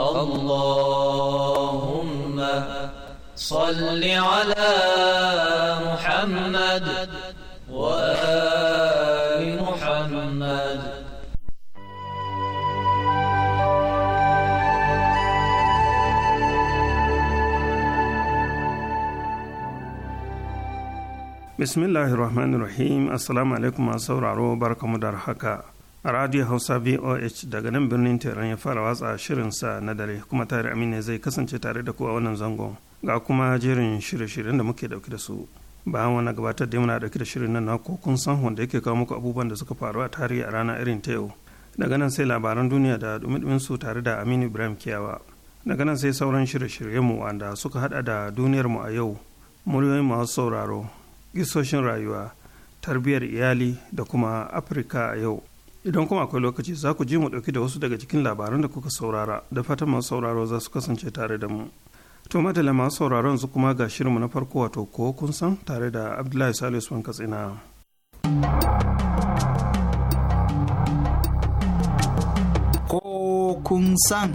اللهم صل على محمد وآل محمد بسم الله الرحمن الرحيم السلام عليكم ورحمة الله وبركاته radio hausa voh daga nan birnin teran ya fara watsa shirinsa na dare kuma tare amina zai kasance tare da kowa a wannan zangon ga kuma jerin shirye-shiryen da muke dauke da su bayan wani gabatar da muna dauke da shirin nan na kun san wanda yake kawo muku abubuwan da suka faru a tarihi a rana irin ta yau daga nan sai labaran duniya da dumi su tare da aminu ibrahim kiyawa daga nan sai sauran shirye-shiryen mu wanda suka hada da duniyar mu a yau muryoyin masu sauraro gisoshin rayuwa tarbiyyar iyali da kuma afirka a yau idan kuma akwai lokaci za ku ji mu ɗauki da wasu daga cikin labaran da kuka saurara da fatan masu sauraro za su kasance tare da mu to madalla masu sauraron su kuma ga shirinmu na farko wato ko kun san tare da abdullahi salisu usman katsina ko kun san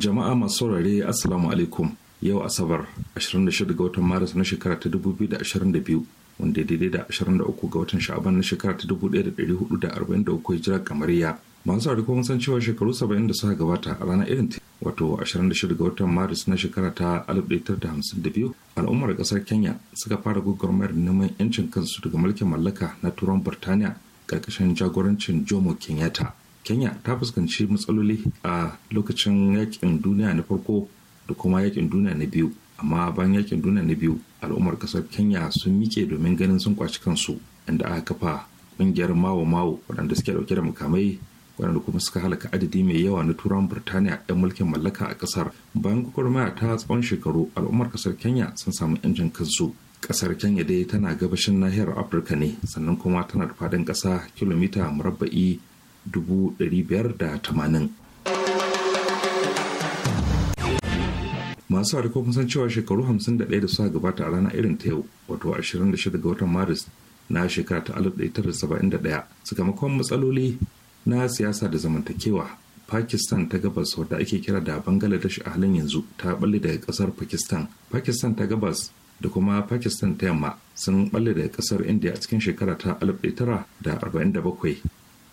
jama'a masu saurare assalamu alaikum yau asabar 26 ga watan maris na shekara ta 2022 wanda daidai da 23 ga watan sha'aban na shekara ta 1443 hijira kamariya masu sauri kuma san cewa shekaru 70 da suka gabata a ranar irin ta wato 26 ga watan maris na shekara ta 1952 al'ummar kasar kenya suka fara gwagwarmayar neman yancin kansu daga mulkin mallaka na turan birtaniya karkashin jagorancin jomo kenyatta kenya ta fuskanci matsaloli a lokacin yakin duniya na farko da kuma yakin duniya na biyu amma bayan yakin duniya na biyu al'ummar kasar kenya sun mike domin ganin sun kwaci kansu inda aka kafa kungiyar mawo mawo waɗanda suke ɗauke da mukamai waɗanda kuma suka halaka adadi mai yawa na turan birtaniya 'yan mulkin mallaka a ƙasar bayan gwagwarmaya ta tsawon shekaru al'ummar ƙasar kenya sun samu 'yancin kansu ƙasar kenya dai tana gabashin nahiyar afirka ne sannan kuma tana da faɗin ƙasa kilomita murabba'i tamanin masu harko kun san cewa shekaru 51 da suka gabata a rana irin ta yau wato 26 ga watan maris na shekara ta 1971 sakamakon matsaloli na siyasa da zamantakewa pakistan ta gabas wadda ake kira da bangladesh a halin yanzu ta balle daga kasar pakistan pakistan ta gabas da kuma pakistan ta yamma sun balle daga kasar india a cikin shekara ta 1947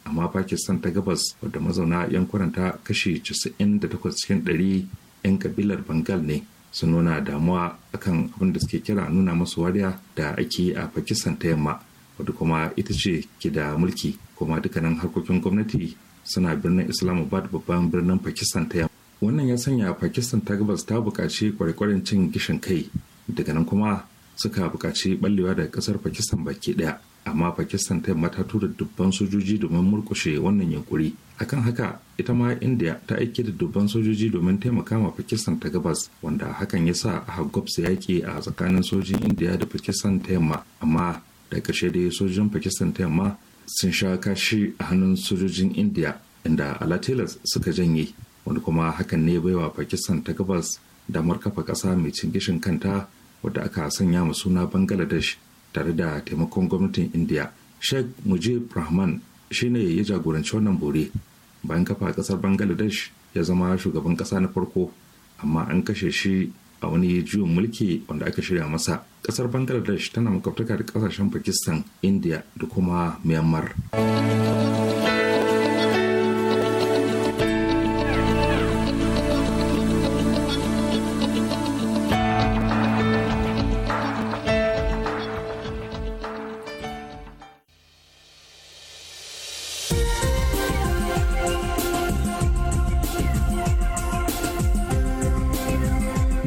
amma pakistan ta gabas wadda mazauna yankunan ta kashi 98 cikin 100 'yan kabilar bangal ne sun nuna damuwa akan abin da suke kira nuna masu wariya da ake a pakistan ta yamma wadda kuma ita ce ke da mulki kuma dukkanin harkokin gwamnati suna birnin islamabad babban birnin pakistan ta yamma wannan ya sanya pakistan ta gabas ta buƙaci kwarekwaren cin gishin kai daga nan kuma suka buƙaci ɓallewa daga ƙasar pakistan baki ɗaya amma pakistan ta yi ta tura dubban sojoji domin murkushe wannan yunkuri akan haka ita ma india ta aike da dubban sojoji domin taimaka ma pakistan ta gabas wanda hakan ya sa aka gwabsa yaƙi a tsakanin sojin india da pakistan ta yamma amma da ƙarshe dai sojojin pakistan ta yamma sun sha kashi a hannun sojojin india inda alatilas suka janye wani kuma hakan ne baiwa pakistan ta gabas damar kafa ƙasa mai cin gishin kanta wadda aka sanya mu suna bangladesh tare da taimakon gwamnatin india sheikh mujib rahman shine ya jagoranci wannan bore bayan kafa kasar bangladesh ya zama shugaban kasa na farko amma an kashe shi a wani juyin mulki wanda aka shirya masa kasar bangladesh tana makwabtaka da kasashen pakistan india da kuma myanmar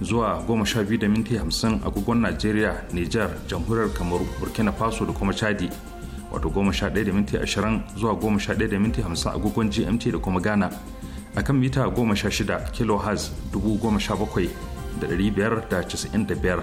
zuwa goma sha biyu minti 12:50 agogon Najeriya, Nijar, Jamhuriyar Kamaru, Burkina Faso da kuma Chadi. Wato 11:20 zuwa da 11:50 agogon GMT da kuma Ghana. A kan mita 16 da biyar.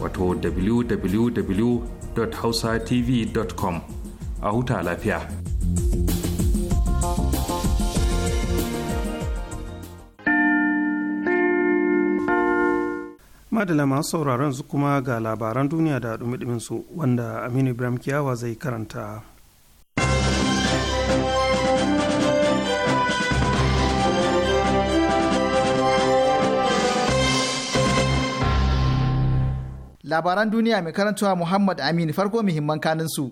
wato www.hausatv.com a huta lafiya. Madala masu sauraron su kuma ga labaran duniya da dumi su wanda Aminu Ibrahim Kiyawa zai karanta. labaran duniya mai karantawa Muhammad Amin farko muhimman kanin su.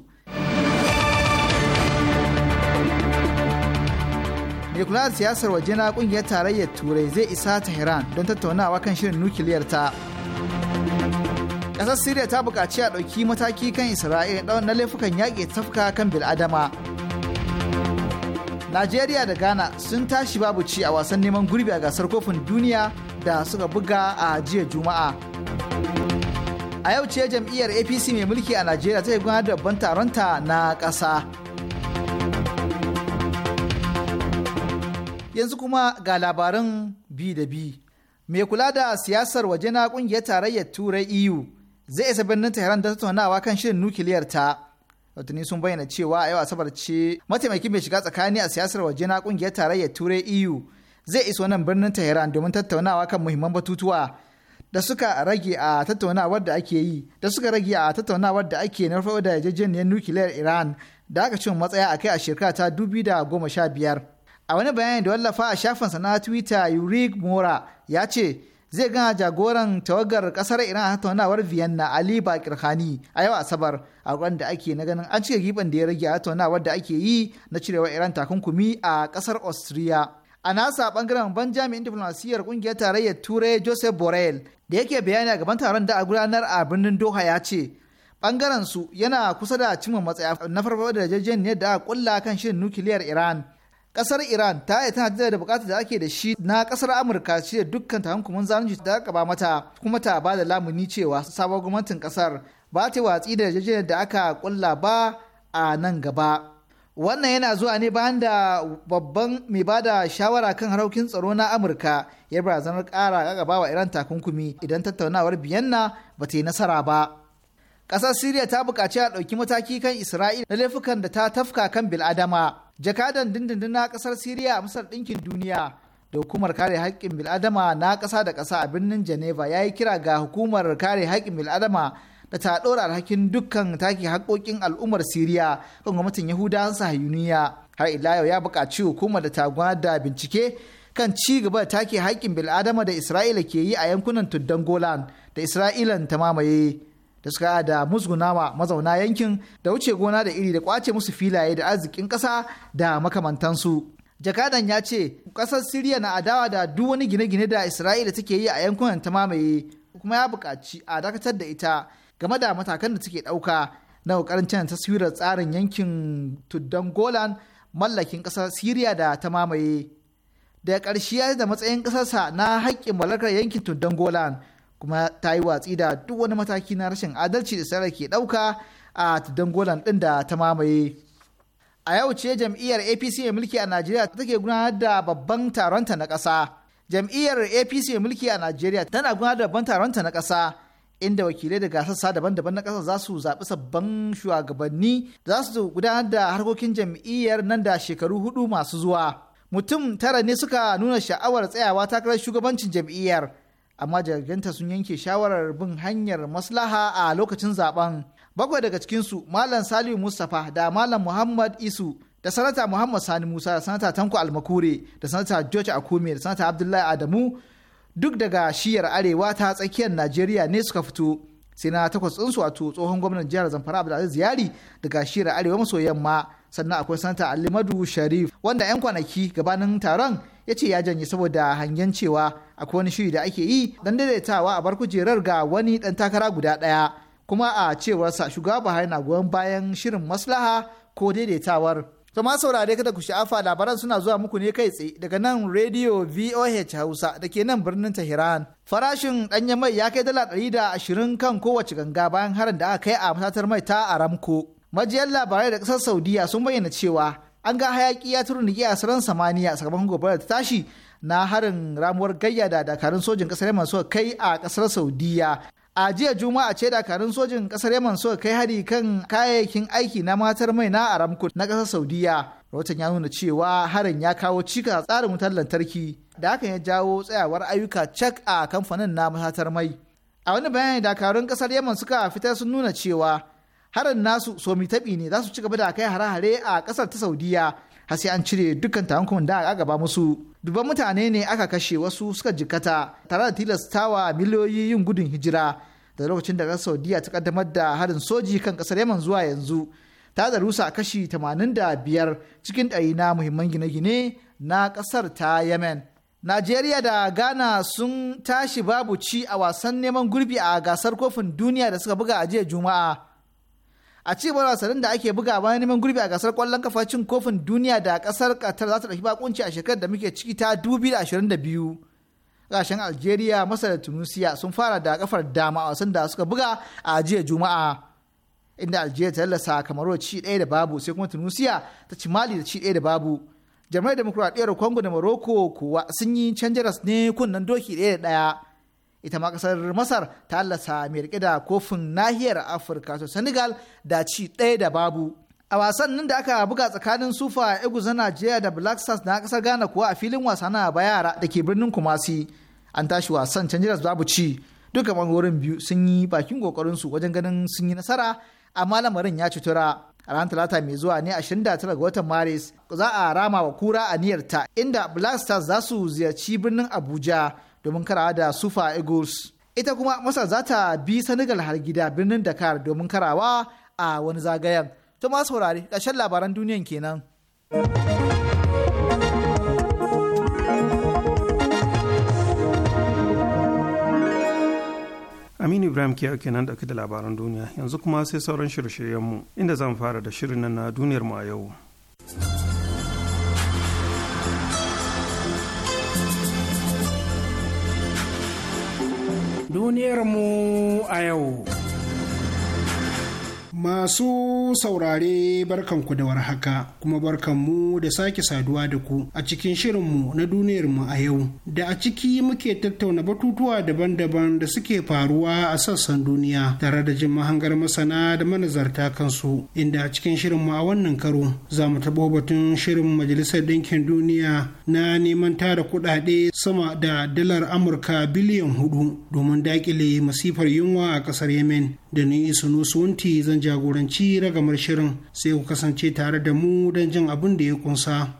Mai kula da siyasar waje na kungiyar tarayyar Turai zai isa Tehran don tattaunawa kan shirin nukiliyar ta. Ƙasar Siriya ta buƙaci a ɗauki mataki kan Isra'ila na laifukan yaƙi tafka kan bil'adama. Najeriya da Ghana sun tashi babu ci a wasan neman gurbi a gasar kofin duniya da suka buga a jiya Juma'a. a yau ce jam'iyyar apc mai mulki a najeriya ta gudanar da babban taronta na ƙasa yanzu kuma ga labaran bi da bi mai kula da siyasar waje na ƙungiyar tarayyar turai eu zai isa birnin tehran da tattaunawa kan shirin nukiliyar ta watanni sun bayyana cewa a yau asabar ce mataimakin mai shiga tsakani a siyasar waje na ƙungiyar tarayyar turai eu zai iso nan birnin tehran domin tattaunawa kan muhimman batutuwa da suka rage a tattaunawar da ake yi da suka rage a tattaunawar da ake na farko da yajejeniyar nukiliyar Iran da aka cin matsaya a kai a shekara ta biyar. A wani bayani da wallafa a shafin na Twitter Yurik Mora ya ce zai gana jagoran tawagar kasar Iran a tattaunawar Vienna Ali Bakir Khani a yau Asabar a ran da ake na ganin an cika giban da ya rage a tattaunawar da ake yi na cirewa Iran takunkumi a kasar Austria. a nasa bangaren ban jami'in diflomasiyyar kungiyar tarayyar turai joseph borrell da yake bayani a gaban taron da a gudanar a birnin doha ya ce bangaren su yana kusa da cimma matsaya na farko da ne da a kulla kan shirin nukiliyar iran kasar iran ta yi tana da bukatar da ake da shi na kasar amurka shi da dukkan hankumin zanunci da aka ba mata kuma ta ba da lamuni cewa sabon gwamnatin kasar ba ta watsi da jajen da aka kulla ba a nan gaba. wannan yana zuwa ne bayan da babban mai ba da shawara kan haraukin tsaro na amurka ya barazanar kara gagaba wa iran takunkumi idan tattaunawar biyanna ba ta yi nasara ba ƙasar siriya ta buƙaci a ɗauki mataki kan isra'ila na laifukan da ta tafka kan bil'adama jakadan dindindin na ƙasar siriya a masar ɗinkin duniya da hukumar kare haƙƙin bil'adama na ƙasa da ƙasa a birnin geneva ya yi kira ga hukumar kare haƙƙin bil'adama da ta ɗora alhakin dukkan take haƙoƙin al'ummar Siriya kan gwamnatin Yahudawan sahayuniya Har ila yau ya buƙaci hukumar da ta da bincike kan ci gaba da take haƙƙin bil'adama da Isra'ila ke yi a yankunan tuddan Golan da Isra'ilan ta mamaye. Da suka da musgunawa mazauna yankin da wuce gona da iri da kwace musu filaye da arzikin ƙasa da makamantansu. jakadan ya ce ƙasar siriya na adawa da duk wani gine-gine da isra'ila take yi a yankunan ta mamaye kuma ya buƙaci a dakatar da ita game da matakan da suke ɗauka na ƙoƙarin cin taswirar tsarin yankin tuddan golan mallakin ƙasar siriya da ta mamaye ya karshe ya da matsayin kasarsa na haƙƙin mallakar yankin tuddan golan kuma ta yi watsi da duk wani mataki na rashin adalci da sarar ke ɗauka a tuddan golan ɗin da ta mamaye a yau ce jam'iyyar apc mai mulki a najeriya take gudanar da babban taronta na ƙasa jam'iyyar apc mai mulki a najeriya tana gudanar da babban taronta na ƙasa inda wakilai daga sassa daban-daban na ƙasar za su zaɓi sabbin shugabanni za su gudanar da harkokin jam'iyyar nan da shekaru hudu masu zuwa. Mutum tara ne suka nuna sha'awar tsayawa takarar shugabancin jam'iyyar, amma jagoranta sun yanke shawarar bin hanyar maslaha a lokacin zaben. Bakwai daga cikinsu Malam salihu Mustapha da Malam Muhammad Isu da Sanata Muhammad Sani Musa da Sanata Tanko Almakure da Sanata George Akume da Sanata Abdullahi Adamu duk daga shiyar arewa ta tsakiyar najeriya ne suka fito sai na takwas ɗinsu wato tsohon gwamnan jihar zamfara abdulaziz yari daga shiyar arewa maso yamma sannan akwai sanata alimadu sharif wanda 'yan kwanaki gabanin taron ya ce ya janye saboda hangen cewa akwai wani shiri da ake yi don daidaitawa a bar kujerar ga wani ɗan takara guda ɗaya kuma a cewarsa shugaba buhari na goyon bayan shirin maslaha ko daidaitawar To ma saurare kada ku sha'afa labaran suna zuwa muku ne kai tsaye daga nan Radio VOH Hausa da ke nan birnin Tehran. Farashin ɗanyen mai ya kai dala ɗari da ashirin kan kowace ganga bayan harin da aka kai a matatar mai ta Aramco. Majiyar labarai da ƙasar Saudiya sun bayyana cewa an ga hayaƙi ya turniki a sararin samaniya sakamakon gobarar ta tashi na harin ramuwar gayya da dakarun sojin ƙasar Yamma suka kai a ƙasar Saudiya a jiya juma'a ce dakarun sojin kasar yaman suka kai hari kan kayayyakin aiki na matar mai na aramco na kasar saudiya rahoton ya nuna cewa harin ya kawo cika tsarin wutar lantarki da hakan ya jawo tsayawar ayyuka cak a kamfanin na matar mai a wani bayani dakarun kasar yaman suka fitar sun nuna cewa harin nasu somi taɓi ne za su ci gaba da kai hare-hare a kasar ta saudiya har sai an cire dukkan takunkumin da aka gaba musu dubban mutane ne aka kashe wasu suka jikkata tare da tilastawa miliyoyi yin gudun hijira da lokacin da ƙasar saudiya ta kaddamar da harin soji kan ƙasar yaman zuwa yanzu ta da rusa kashi 85 cikin ɗari na muhimman gine-gine na ƙasar ta yemen najeriya da ghana sun tashi babu ci a wasan neman gurbi a gasar kofin duniya da suka buga a jiya juma'a a ci wasannin da ake buga bayan neman gurbi a gasar kwallon kafa cin kofin duniya da kasar Qatar za ta ɗauki bakunci a shekarar da muke ciki ta 2022 gashin algeria masar da tunisia sun fara da kafar dama a wasan da suka buga a jiya juma'a inda algeria ta lallasa kamaru ci daya da babu sai kuma tunisia ta ci mali da ci daya da babu jamhuriyar demokuraɗiyar congo da morocco kuwa sun yi canjaras ne kunnen doki ɗaya da ɗaya ita ma kasar masar ta lallasa mai rike da kofin nahiyar afirka to senegal da ci ɗaya da babu a wasan nan da aka buga tsakanin sufa na jiya da black stars na kasar ghana kuwa a filin wasa na bayara da ke birnin kumasi an tashi wasan can jiras babu ci duka bangorin biyu sun yi bakin su wajen ganin sun yi nasara amma lamarin ya cutura a ranar talata mai zuwa ne 29 ga watan maris za a rama wa kura ta inda black stars za su ziyarci birnin abuja domin karawa da sufa eagles ita kuma masar za ta bi senegal har gida birnin dakar domin karawa a wani zagayen To ma saurare ƙarshen labaran duniyan kenan. Aminu Ibrahim ke nan da da labaran duniya yanzu kuma sai sauran shirye-shiryenmu inda zan fara da shirin na duniyar mu a yau. Duniyar mu a yau. Masu saurare barkanku da warhaka kuma barkanmu da sake saduwa da ku a cikin shirin mu na duniyar mu a yau da a ciki muke tattauna batutuwa daban-daban da suke faruwa a sassan duniya tare da jin mahangar masana da manazarta kansu inda a cikin mu a wannan karo za mu taɓo batun shirin majalisar ɗinkin duniya na neman tara kuɗaɗe sama da dalar Amurka biliyan hudu domin daƙile masifar yunwa a ƙasar Yemen da ni isa nusuwanti zan jagoranci ragamar shirin sai ku kasance tare da mu don jin abin da ya kunsa.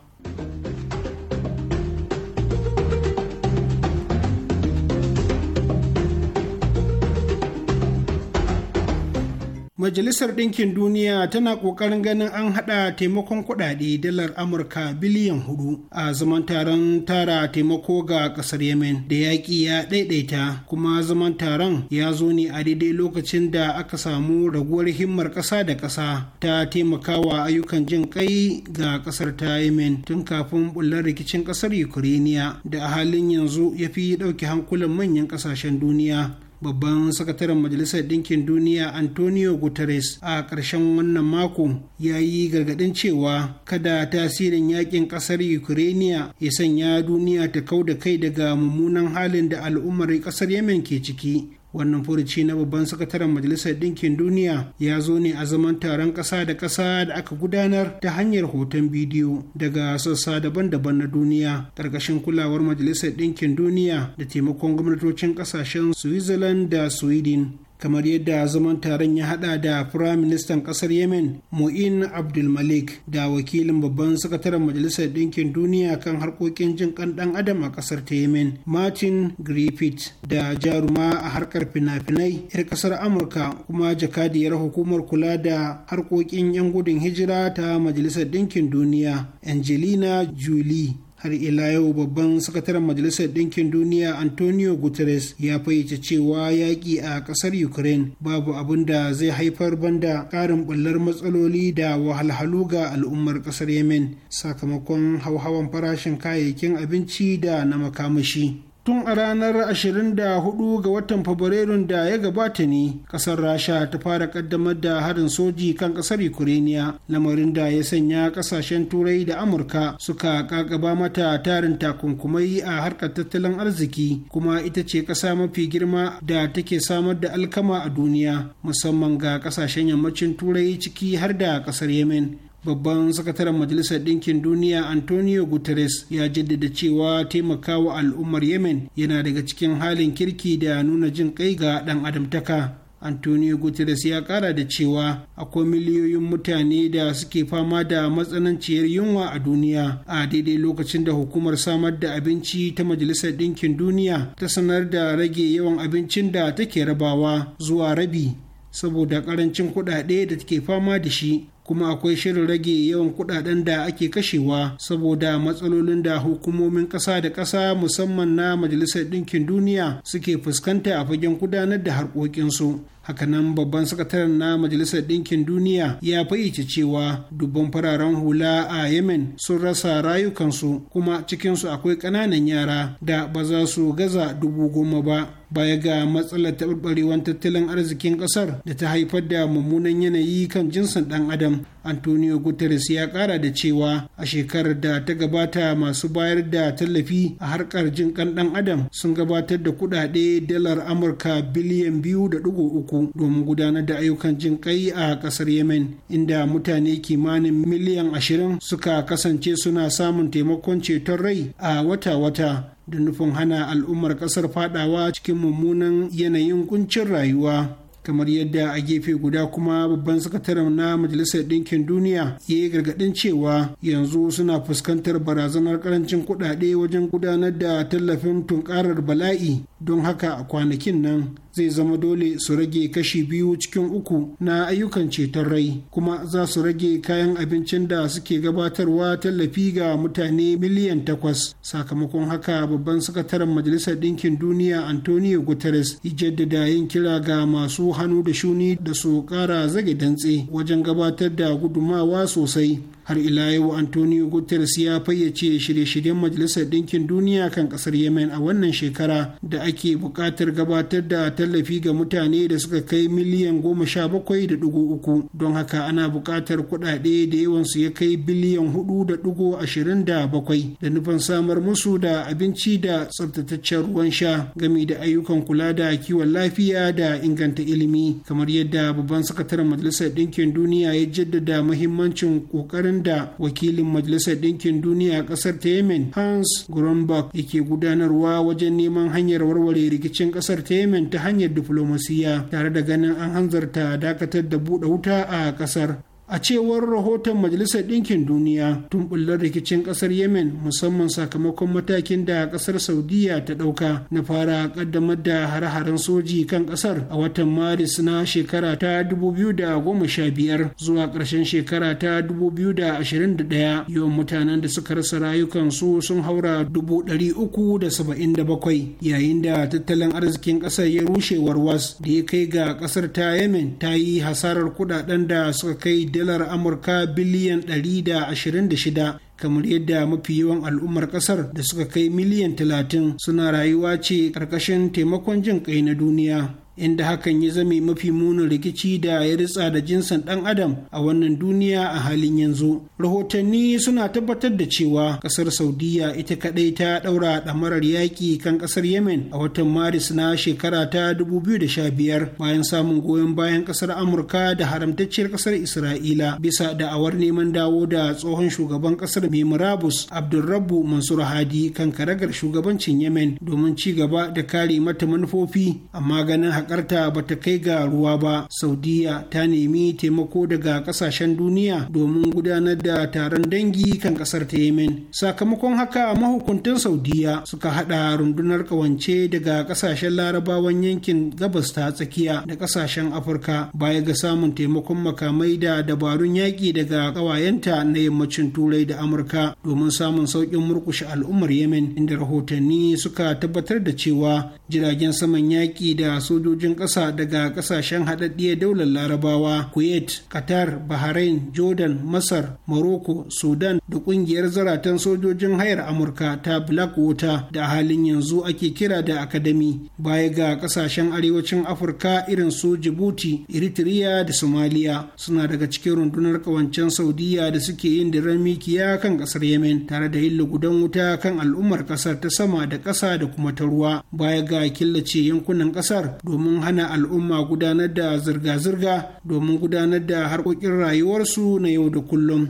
Majalisar Ɗinkin Duniya tana ƙoƙarin ganin an haɗa taimakon kuɗaɗe dalar Amurka biliyan hudu a zaman taron tara taimako ga ƙasar Yemen da yaƙi ya ɗaiɗaita kuma zaman taron ya zo ne a daidai lokacin da aka samu raguwar himmar ƙasa da ƙasa ta taimakawa ayyukan jin ƙai ga ƙasar ta Yemen tun kafin bullar rikicin ƙasar Ukrainiya da a halin yanzu ya fi ɗauke hankulan manyan ƙasashen duniya. babban sakataren majalisar ɗinkin duniya antonio guterres a ƙarshen wannan mako ya yi gargaɗin cewa kada tasirin yakin ƙasar ukraine ya sanya duniya ta kau da kai daga mummunan halin da al'ummar ƙasar yemen ke ciki wannan furuci na babban sakataren majalisar ɗinkin duniya ya zo ne a zaman taron ƙasa da ƙasa da aka gudanar ta hanyar hoton bidiyo daga sassa daban-daban na duniya ƙarƙashin kulawar majalisar ɗinkin duniya da taimakon gwamnatocin ƙasashen switzerland da sweden kamar yadda zaman taron ya hada da firayim ministan kasar yemen mu'in abdulmalik da wakilin babban sakataren majalisar ɗinkin duniya kan harkokin jin kan ɗan adam a ƙasar ta yemen martin griffith da jaruma a harkar fina-finai 'yar kasar amurka kuma jakadiyar hukumar kula da harkokin 'yan gudun hijira ta majalisar ɗinkin duniya angelina julie har ila yau babban sakataren majalisar ɗinkin duniya antonio guterres ya fayyace cewa yaƙi a ƙasar ukraine babu abin da zai haifar banda ƙarin ɓullar matsaloli da wahalhalu ga al'ummar ƙasar yemen sakamakon hauhawan farashin kayayyakin abinci da na makamashi tun a ranar 24 ga watan fabrairun da ya gabata ne kasar rasha ta fara kaddamar da harin soji kan kasar ukraniya lamarin da ya sanya kasashen turai da amurka suka kakaba mata tarin takunkumai a harkar tattalin arziki kuma ita ce kasa mafi girma da take samar da alkama a duniya musamman ga kasashen yammacin turai ciki har da kasar yemen babban sakataren majalisar ɗinkin duniya antonio guterres ya jaddada cewa taimakawa al'ummar yemen yana daga cikin halin kirki da nuna jin kai ga ɗan adamtaka antonio guterres ya ƙara da cewa akwai miliyoyin mutane da suke fama da matsananciyar yunwa a duniya a daidai lokacin da hukumar samar da abinci ta majalisar ɗinkin duniya ta sanar da rage yawan abincin da take rabawa zuwa rabi saboda ƙarancin kuɗaɗe da take fama da shi kuma akwai shirin rage yawan kudaden da ake kashewa saboda matsalolin da hukumomin ƙasa da ƙasa musamman na majalisar ɗinkin duniya suke fuskanta a fagen gudanar da harkokinsu hakanan babban sakataren na majalisar ɗinkin duniya ya fayyace cewa dubban fararen hula a yemen sun rasa rayukansu kuma cikinsu akwai ƙananan yara da ba za su gaza dubu goma ba baya ga matsalar taɓarɓarewar tattalin arzikin ƙasar da ta haifar da mummunan yanayi kan jinsin ɗan adam antonio guterres ya kara da cewa a shekarar da ta gabata masu bayar da tallafi a harkar jin kan dan adam sun gabatar da kudade dalar amurka biliyan biyu da dugu uku domin gudanar da ayyukan jin kai a kasar yemen inda mutane kimanin miliyan ashirin suka kasance suna samun taimakon ceton rai a wata-wata da nufin hana al'ummar kasar fadawa cikin mummunan yanayin kuncin rayuwa kamar yadda a gefe guda kuma babban sakataren na majalisar ɗinkin duniya ya yi gargaɗin cewa yanzu suna fuskantar barazanar karancin kuɗaɗe wajen gudanar da tallafin tunkarar bala'i don haka a kwanakin nan zai zama dole su rage kashi biyu cikin uku na ayyukan ceton rai kuma za su rage kayan abincin da suke gabatarwa tallafi ga mutane miliyan takwas sakamakon haka babban sakataren majalisar ɗinkin duniya antonio guterres ya jaddada yin kira ga masu hannu da shuni da su ƙara zage dantse wajen gabatar da gudumawa sosai har ila yau antonio guterres ya fayyace shirye-shiryen majalisar ɗinkin duniya kan ƙasar yemen a wannan shekara da ake buƙatar gabatar da tallafi ga mutane da suka kai miliyan goma sha bakwai da ɗigo uku don haka ana buƙatar kuɗaɗe da yawansu ya kai biliyan hudu da ɗigo ashirin da bakwai da nufin samar musu da abinci da tsabtataccen ruwan sha gami da ayyukan kula da kiwon lafiya da inganta ilimi kamar yadda babban sakataren majalisar ɗinkin duniya ya jaddada muhimmancin ƙoƙarin da wakilin majalisar ɗinkin duniya a ƙasar ta yemen hans grunberg yake gudanarwa wajen neman hanyar warware rikicin ƙasar ta yemen ta hanyar diflomasiya tare da ganin an hanzarta dakatar da buɗe wuta a ƙasar a cewar rahoton majalisar ɗinkin duniya tun bullar rikicin ƙasar yemen musamman sakamakon matakin da ƙasar saudiya ta ɗauka na fara ƙaddamar da hare-haren soji kan ƙasar a watan maris na shekara ta 2015 zuwa ƙarshen shekara ta 2021 yawan mutanen da suka rasa rayukansu sun haura 377 yayin da tattalin arzikin ƙasar ya rushe warwas da ya kai ga ƙasar ta yemen ta yi hasarar kuɗaɗen da suka kai dalar amurka biliyan 126 kamar yadda mafi yawan al'ummar kasar da suka kai miliyan 30 suna rayuwa ce ƙarƙashin taimakon jin ƙai na duniya inda hakan ya zame mafi munin rikici da ya ritsa da jinsin ɗan adam a wannan duniya a halin yanzu rahotanni suna tabbatar da cewa ƙasar saudiya ita kaɗai ta ɗaura ɗamarar yaƙi kan ƙasar yemen a watan maris na shekara ta 2015 bayan samun goyon bayan ƙasar amurka da haramtacciyar ƙasar isra'ila bisa da da'awar neman dawo da tsohon shugaban ƙasar mai murabus abdulrabu mansur hadi kan karagar shugabancin yemen domin ci gaba da kare mata manufofi amma ganin haƙarta ba ta kai ga ruwa ba saudiya ta nemi taimako daga ƙasashen duniya domin gudanar da taron dangi kan ƙasar ta yemen sakamakon haka mahukuntan saudiya suka haɗa rundunar ƙawance daga ƙasashen larabawan yankin gabas ta tsakiya da ƙasashen afirka baya ga samun taimakon makamai da dabarun yaƙi daga ƙawayenta na yammacin turai da amurka domin samun sauƙin murƙushe al'ummar yemen inda rahotanni suka tabbatar da cewa jiragen saman yaƙi da sojoji sojojin ƙasa daga ƙasashen haɗaɗɗiyar daular larabawa kuwait qatar bahrain jordan masar morocco sudan da ƙungiyar zaratan sojojin hayar amurka ta blackwater da a halin yanzu ake kira da academy baya ga ƙasashen arewacin afirka irin su djibouti eritrea da somalia suna daga cikin rundunar ƙawancen saudiya da suke yin diran mikiya kan ƙasar yemen tare da yin lugudan wuta kan al'ummar ƙasar ta sama da ƙasa da kuma ta ruwa baya ga killace yankunan ƙasar domin domin hana al'umma gudanar da zirga-zirga domin gudanar da harkokin rayuwarsu na yau da kullum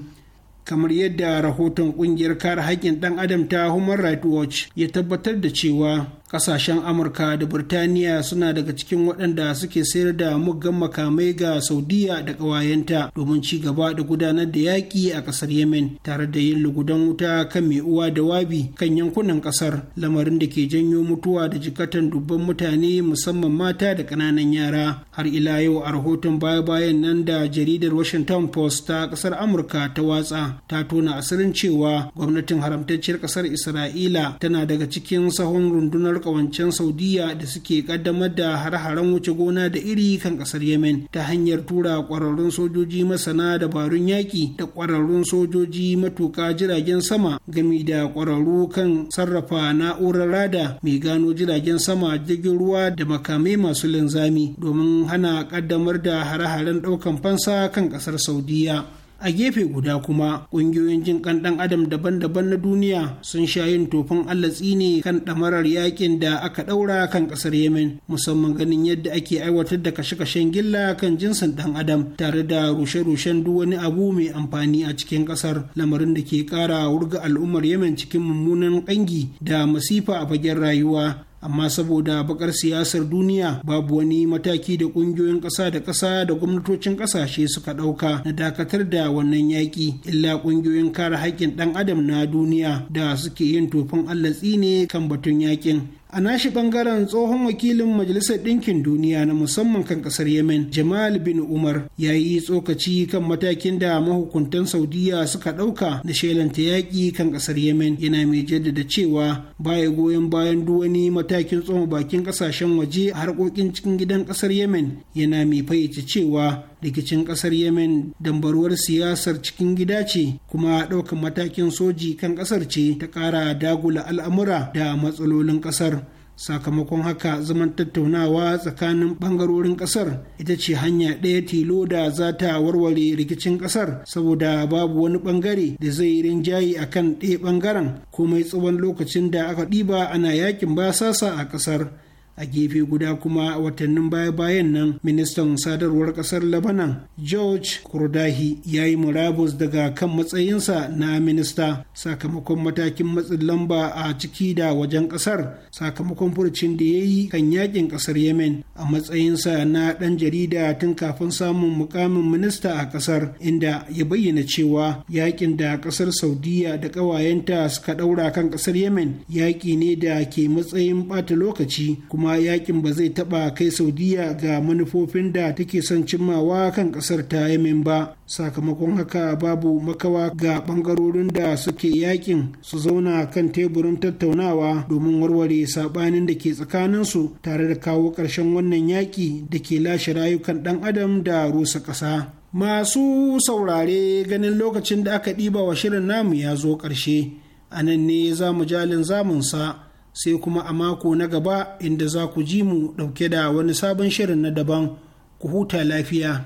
kamar yadda rahoton kungiyar kare haƙƙin ɗan adam ta human rights watch ya tabbatar da cewa kasashen amurka da Birtaniya suna daga cikin waɗanda suke sayar da muggan makamai ga saudiya da ƙawayenta domin ci gaba da gudanar da yaƙi a ƙasar yemen tare da yin lugudan wuta kan mai uwa da wabi kan yankunan ƙasar lamarin da ke janyo mutuwa da jikatan dubban mutane musamman mata da ƙananan yara har ila yau a rahoton baya-bayan nan da jaridar washington post ta ƙasar amurka ta watsa ta tona asirin cewa gwamnatin haramtacciyar ƙasar isra'ila tana daga cikin sahun rundunar rundunar saudiya da suke kaddamar da har-haren wuce gona da iri kan kasar yemen ta hanyar tura kwararrun sojoji masana dabarun yaƙi da kwararrun sojoji matuƙa jiragen sama gami da kwararru kan sarrafa na'urar rada mai gano jiragen sama jirgin ruwa da makamai masu linzami domin hana kaddamar da hare-haren ɗaukan fansa kan kasar saudiya a gefe guda kuma ƙungiyoyin jin kan ɗan adam daban-daban na duniya sun sha yin tofin allatsi ne kan ɗamarar yakin da aka ɗaura kan ƙasar yemen musamman ganin yadda ake aiwatar da kashe-kashen gilla kan jinsin ɗan adam tare da rushe-rushen duk wani abu mai amfani a cikin ƙasar lamarin da ke ƙara wurga al'ummar yemen cikin mummunan ƙangi da masifa a fagen rayuwa amma saboda bakar siyasar duniya babu wani mataki da kungiyoyin kasa da kasa da gwamnatocin kasashe suka ɗauka na dakatar da wannan yaki illa kungiyoyin kare haƙƙin ɗan adam na duniya da suke yin tofin allatsi ne kan batun yakin. a nashi bangaren tsohon wakilin majalisar ɗinkin duniya na musamman kan ƙasar yemen jamal bin umar ya yi tsokaci kan matakin da mahukuntan saudiya suka ɗauka da shelanta yaƙi kan ƙasar yemen yana mai jaddada cewa baya goyon bayan duwani matakin tsoma bakin ƙasashen waje a harkokin cikin gidan ƙasar yemen yana mai fayyace cewa rikicin kasar yemen dambaruwar siyasar cikin gida ce kuma ɗaukan matakin soji kan kasar ce ta ƙara dagula al'amura da matsalolin kasar sakamakon haka zaman tattaunawa tsakanin bangarorin ƙasar ita ce hanya ɗaya tilo da za ta warware rikicin ƙasar saboda babu wani bangare da zai yi rinjaye a kan ɗaya bangaren komai tsawon lokacin da aka ɗiba ana yakin basasa a ƙasar. a gefe guda kuma watannin baya-bayan nan ministan sadarwar kasar labanan george kurdahi ya yi murabus daga kan matsayinsa na minista sakamakon matakin matsin lamba a ciki da wajen kasar sakamakon furcin da ya yi kan yakin kasar yemen a matsayinsa na dan jarida tun kafin samun mukamin minista a kasar inda ya bayyana cewa yakin da kasar saudiya da kawayenta suka daura kan kasar yemen yaki ne da ke matsayin bata lokaci kuma amma yakin ba zai taɓa kai saudiya ga manufofin da take son cimmawa kan ƙasar ta yamin ba sakamakon haka babu makawa ga ɓangarorin da suke yakin su zauna kan teburin tattaunawa domin warware saɓanin da ke tsakaninsu tare da kawo ƙarshen wannan yaƙi da ke lashe rayukan ɗan adam da rusa ƙasa masu saurare ganin lokacin da aka ɗiba wa shirin namu ya zo ƙarshe anan ne za mu jalin zamunsa sai kuma a mako na gaba inda za ku ji mu ɗauke da wani sabon shirin na daban ku huta lafiya.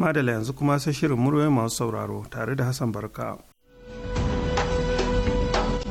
Madala yanzu kuma sai shirin murwai masu sauraro tare da Hassan Barka.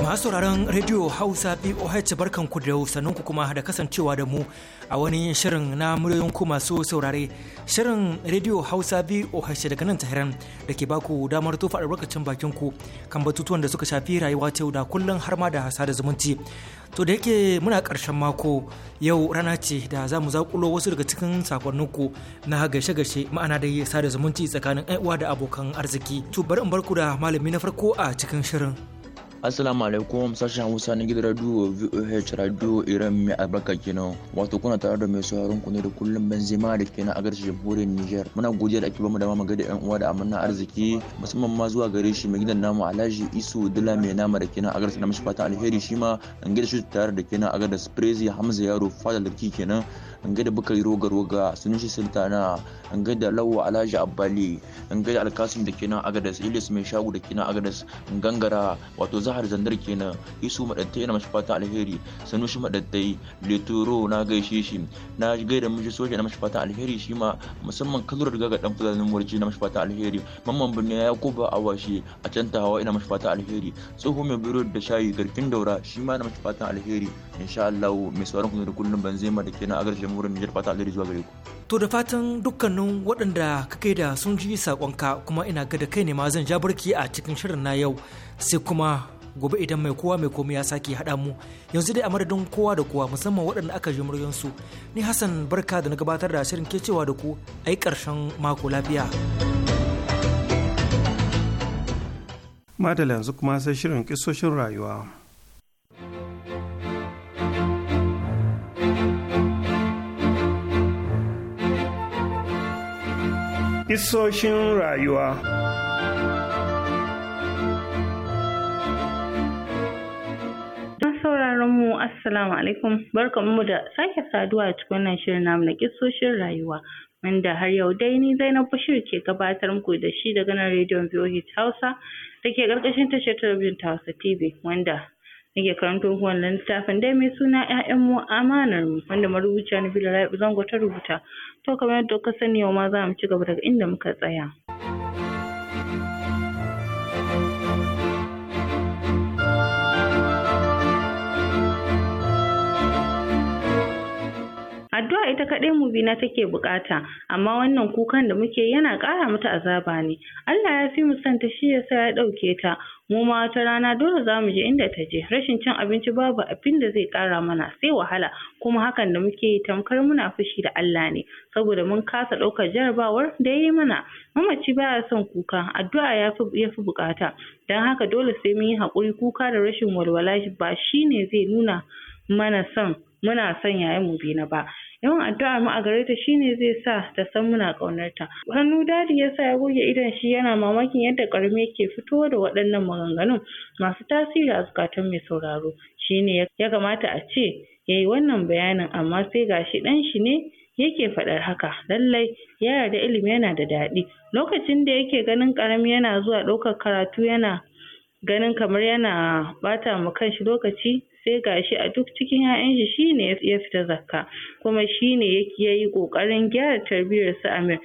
Masu sauraron Radio Hausa BOH barkanku da ku kuma da kasancewa da mu a wani shirin na muryoyin ku masu saurare. Shirin rediyo Hausa BOH daga nan Tahiran da ke baku damar tofa lokacin bakin ku kan batutuwan da suka shafi rayuwa ta yau da kullum har ma da sada zumunci. To da yake muna karshen mako yau rana ce da za mu zakulo wasu daga cikin sakonninku na gaishe-gaishe ma'ana da sada zumunci tsakanin uwa da abokan arziki. To bari in barku da malami na farko a cikin shirin. Assalamu alaikum sashen Hausa na gidan radio VOH radio Iran mai albarka kenan. Wato kuna tare da mai sauraron ku ne da kullum Benzema da kenan a garshen jamhuriyar Niger. Muna godiya da ake bamu dama magana yan uwa da amanna arziki musamman ma zuwa gare shi mai gidan namu Alhaji Isu Dila mai nama da kenan a garshen na mishi fatan alheri shi ma an gaida shi tare da kenan a garshen Prezi Hamza Yaro Fadal kenan an gada da bukari roga roga shi sultana an gada lawa alhaji abbali an gada da alkasim da kenan agadas ilis mai shagu da kenan agadas gangara wato zahar zandar kenan isu madattai na mashi alheri sun shi madattai leturo na gaishe shi na gaida miji soja na mashi alheri shi ma musamman kalurar gaga dan fulanin warji na mashi alheri mamman birni ya kuba a washe a can ta hawa ina mashi alheri tsoho mai biro da shayi garkin daura shi ma na mashi alheri insha Allah mai sauran kuma da kullum ma da kenan agadas jamhuriyar Nijar fata alheri zuwa gare ku. To da fatan dukkanin waɗanda ka kai da sun ji saƙonka kuma ina ga da kai ne ma zan ja barki a cikin shirin na yau sai kuma gobe idan mai kowa mai komai ya sake haɗa mu yanzu dai a madadin kowa da kowa musamman waɗanda aka ji su ni hassan barka da na gabatar da shirin ke cewa da ku a yi ƙarshen mako lafiya madala yanzu kuma sai shirin kisoshin rayuwa Isoshin rayuwa sauraron mu assalamu alaikum barkanmu da sake saduwa a cikin wannan shirin namu na kisoshin rayuwa wanda har yau dai ni Zainab Bashir ke gabatar muku da shi daga nan rediyon VOH Hausa da ke ƙarƙashin tashar talabijin ta Hausa TV wanda nake karanto muku wannan littafin dai mai suna ƴaƴan mu amanar mu wanda marubuciya Nabila Rabi Zango ta rubuta to kamar yadda kuka sani yau ma za mu ci gaba daga inda muka tsaya addu'a ita kaɗai mubina take bukata amma wannan kukan da muke yana ƙara mata azaba ne Allah ya fi mu san ta shi yasa ya ɗauke ta mu ma wata rana dole za mu je inda ta je rashin cin abinci babu abin da zai ƙara mana sai wahala kuma hakan da muke yi tamkar muna fushi da Allah ne saboda mun kasa ɗaukar jarabawar da ya yi mana mamaci baya son kuka addu'a ya fi ya bukata don haka dole sai mun yi haƙuri kuka da rashin walwala ba shi ne zai nuna mana son muna son yayan mu na ba yawan addu'a mu a gare ta shine zai sa ta san muna ƙaunar ta hannu dadi ya sa ya goge idon shi yana mamakin yadda ƙarami ke fitowa da waɗannan maganganun masu tasiri a zukatan mai sauraro shine ya kamata a ce yayi wannan bayanin amma sai gashi ɗan shi ne yake faɗar haka lallai ya yarda ilimi yana da daɗi lokacin da yake ganin ƙarami yana zuwa ɗaukar karatu yana ganin kamar yana ɓata kan shi lokaci sai gashi a duk cikin 'ya'yan shi shine ya fita zakka kuma shine yayi kokarin gyara tarbiyyar su Amir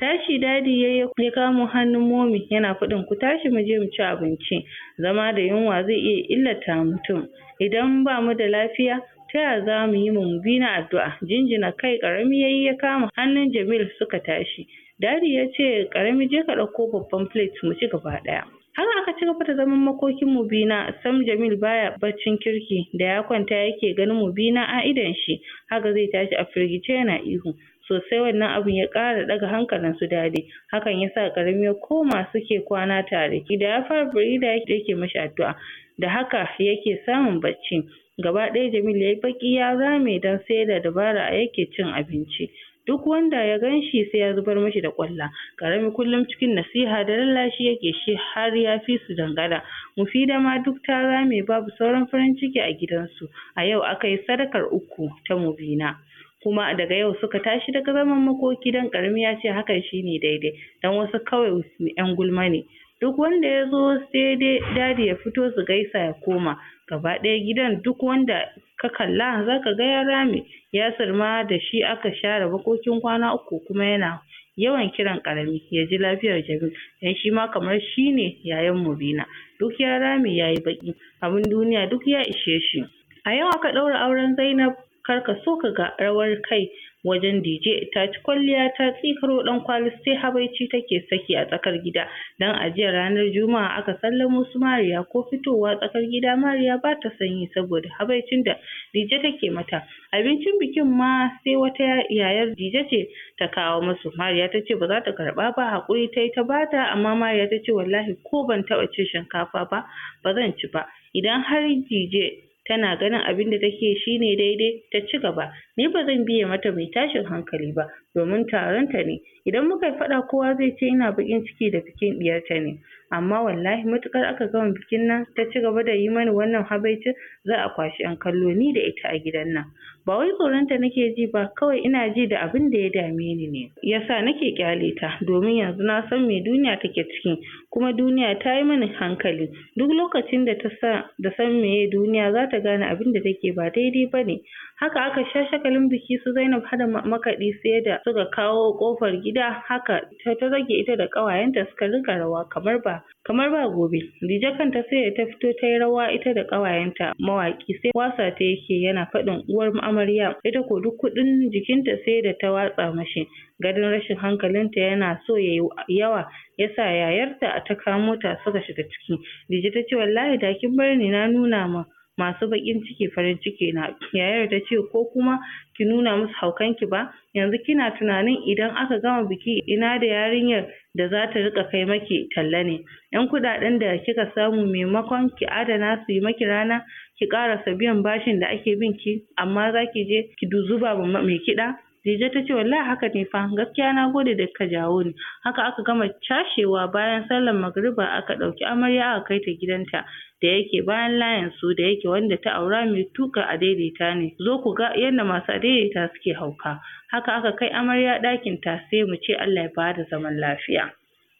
tashi dadi ya ya kamo hannun momi yana faɗin ku tashi mu je mu ci abinci zama da yunwa zai iya illata mutum idan ba mu da lafiya ta ya za mu yi mu bi na addu'a jinjina kai karami yayi ya kama hannun Jamil suka tashi dadi ya ce karami je ka ɗauko babban plate mu ci gaba ɗaya Har aka ci gaba da zaman makokin Mubina, Sam Jamil baya baccin kirki da ya kwanta yake ganin Mubina a idon shi, haka zai tashi a firgice yana ihu. Sosai wannan abun ya ƙara ɗaga hankalin su dadi, hakan ya sa ƙarami ya koma suke kwana tare. Da ya fara birida yake mashi addu'a, da haka yake samun bacci. Gaba ɗaya Jamil ya yi baƙi ya zame don sai da dabara yake cin abinci. duk wanda ya ganshi sai ya zubar mashi da ƙwalla ƙarami kullum cikin nasiha da lallashi yake shi har ya fi su dangana mufida ma duk ta rame babu sauran farin ciki a gidansu a yau aka yi sadakar uku ta mubina kuma daga yau suka tashi daga zaman makoki dan ƙarami ya ce hakan shine daidai dan wasu kawai yan gulma ne duk wanda ya zo sai dai dadi ya fito su gaisa ya koma gaba ɗaya gidan duk wanda ka kalla za ka ga ya rame Yasir ma da shi aka share bakokin kwana uku kuma yana yawan kiran ƙarami ya ji lafiyar Jamil don shi ma kamar shi ne yayan Mubina duk ya rame ya yi baƙi abin duniya duk ya ishe shi. A yau aka ɗaura auren Zainab kar ka so ka ga rawar kai wajen dj ta ci kwalliya ta tsikaro dan kwali sai habaici take saki a tsakar gida dan a ranar juma'a aka sallamo su mariya ko fitowa tsakar gida mariya ba ta sanyi saboda habaicin da dj take mata abincin bikin ma sai wata yayar dj ce ta kawo musu mariya ta ce ba za ta karba ba hakuri ta yi ta bata amma mariya ta ce wallahi ko ban taba cin shinkafa ba ba zan ci ba idan har dj tana ganin abin da take shine daidai ta ci gaba ni ba zan biye mata mai tashin hankali ba domin taronta ne idan muka yi faɗa kowa zai ce ina baƙin ciki da bikin ɗiyarta ne amma wallahi matuƙar aka gama bikin nan ta ci gaba da yi mani wannan habaicin za a kwashi ƴan kallo ni da ita a gidan nan ba wai tsoronta nake ji ba kawai ina ji da abin da ya dame ni ne yasa nake kyale ta domin yanzu na san me duniya take ciki kuma duniya ta yi mani hankali duk lokacin da ta sa da san meye duniya za ta gane abin da take ba daidai ba ne haka aka sha shakalin biki su Zainab hada makaɗi sai da suka kawo ƙofar gida haka ta rage ita da ƙawayenta suka riƙa rawa kamar ba kamar ba gobe Dije kanta sai ta fito ta yi rawa ita da ƙawayenta mawaƙi sai wasa ta yake yana faɗin uwar amarya ita ko duk kuɗin jikinta sai da ta watsa mashi gadon rashin hankalinta yana so ya yawa yawa yasa yayarta ta kamo ta suka shiga ciki Dije ta ce wallahi da kin bar ni na nuna ma masu baƙin ciki farin ciki na yayar ta ce ko kuma ki nuna musu haukanki ba yanzu kina tunanin idan aka gama biki ina da yarinyar da za ta riƙa kai maki talla ne yan kuɗaɗen da kika samu maimakon ki adana su yi maki rana ki ƙarasa biyan bashin da ake bin ki amma za ki je ki zuba ma mai kiɗa Dije ta ce wallahi haka ne fa gaskiya na gode da ka jawo ni. Haka aka gama cashewa bayan sallar magriba aka ɗauki amarya aka kai ta gidanta da yake bayan layin su da yake wanda ta aura mai tuka adaidaita ne. Zo ku ga yadda masu adaidaita suke hauka. Haka aka kai amarya ɗakin ta sai mu ce Allah ya bada zaman lafiya.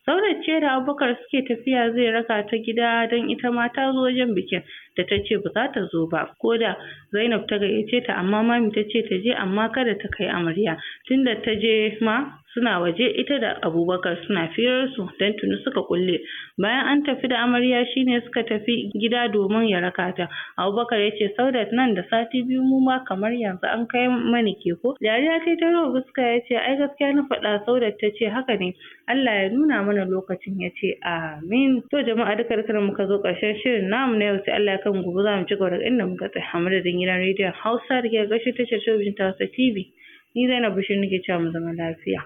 Zaurat ce da Abubakar suke tafiya zai raka ta gida don ita ma ta zo wajen bikin da ta ce ba za ta zo ba ko da Zainab ta gayyace ta amma mami ta ce ta je amma kada ta kai amarya tunda ta je ma suna waje ita da Abubakar suna firar su don tuni suka kulle. Bayan an tafi da amarya shine suka tafi gida domin ya raka ta. Abubakar ya ce Saudat nan da sati biyu mu ma kamar yanzu an kai mani keko. Dariya ta ta rawa fuska ya ce ai gaskiya na faɗa Saudat ta ce haka ne. Allah ya nuna mana lokacin ya ce amin. To jama'a duka duka muka zo ƙarshen shirin namu na yau sai Allah ya kan gobe za mu ci gaba da inda muka tsaya. Hamadadin gidan rediyon Hausa da ke gashi tashar Shobin ta TV. Ni Zainab Bashir nake cewa mu zama lafiya.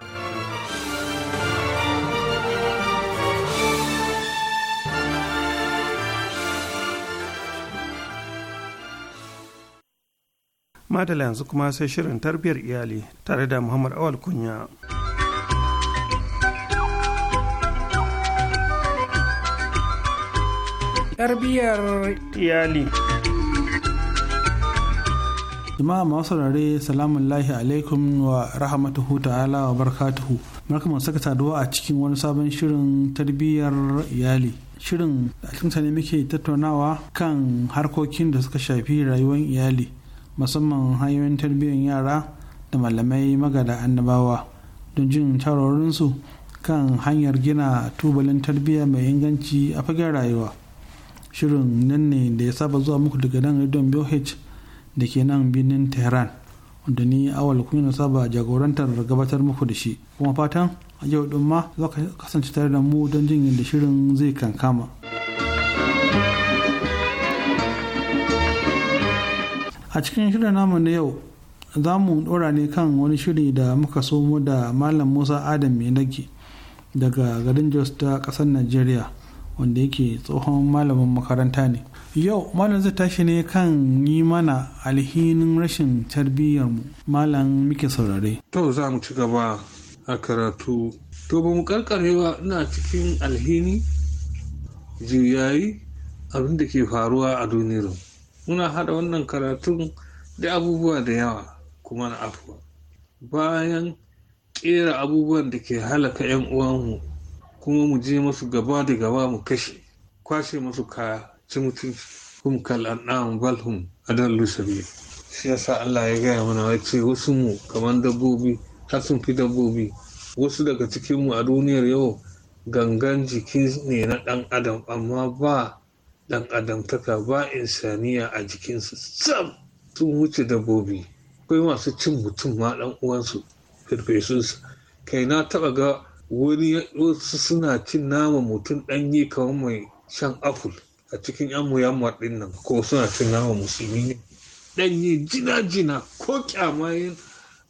Madala yanzu kuma sai shirin tarbiyyar iyali tare da Muhammad Awal Kunya. Tarbiyyar iyali. jama'a masu saurare salamun lahi alaikum wa rahmatuhu ta'ala wa barakatuhu barka mu saka saduwa a cikin wani sabon shirin tarbiyyar iyali shirin a cikin ne muke tattaunawa kan harkokin da suka shafi rayuwar iyali musamman hanyoyin tarbiyyar yara da malamai magada annabawa don jin tarorinsu kan hanyar gina tubalin tarbiyya mai inganci a fagen rayuwa shirin nan ne da ya saba zuwa muku daga nan radio bh da ke nan birnin tehran wanda ni awal kun yana saba jagorantar gabatar muku da shi kuma fatan a yau din ma za ka kasance tare da mu don jin yadda shirin zai kankama a cikin shirin namu na yau za mu dora ne kan wani shiri da muka somo da malam musa adam mai nage daga garin jos ta kasar nigeria wanda yake tsohon malamin makaranta ne yau malam zai tashi ne kan yi mana alhinin rashin tarbiyyarmu malam muke saurare to za mu ci gaba a karatu to ba mu karkare ba ina cikin alhini juyayi abin da ke faruwa a duniyar muna hada wannan karatun da abubuwa da yawa kuma na afuwa bayan kera abubuwan da ke halaka 'yan uwanmu kuma mu je masu gaba da gaba mu kashe kwashe masu kaya ci mutum hum kal an'am bal hum adallu sabil shi Allah ya gaya mana ya ce wasu mu kamar dabbobi har sun fi dabbobi wasu daga cikin mu a duniyar yau gangan jiki ne na ɗan adam amma ba dan adamtaka ba insaniya a jikinsu sam sun wuce dabbobi akwai masu cin mutum ma dan uwansu firfesunsa kai na taɓa ga wani wasu suna cin nama mutum ɗanye kamar mai shan aful a cikin yan muyammar din nan ko suna cin nama musulmi ne ɗanye jina-jina ko kyamayin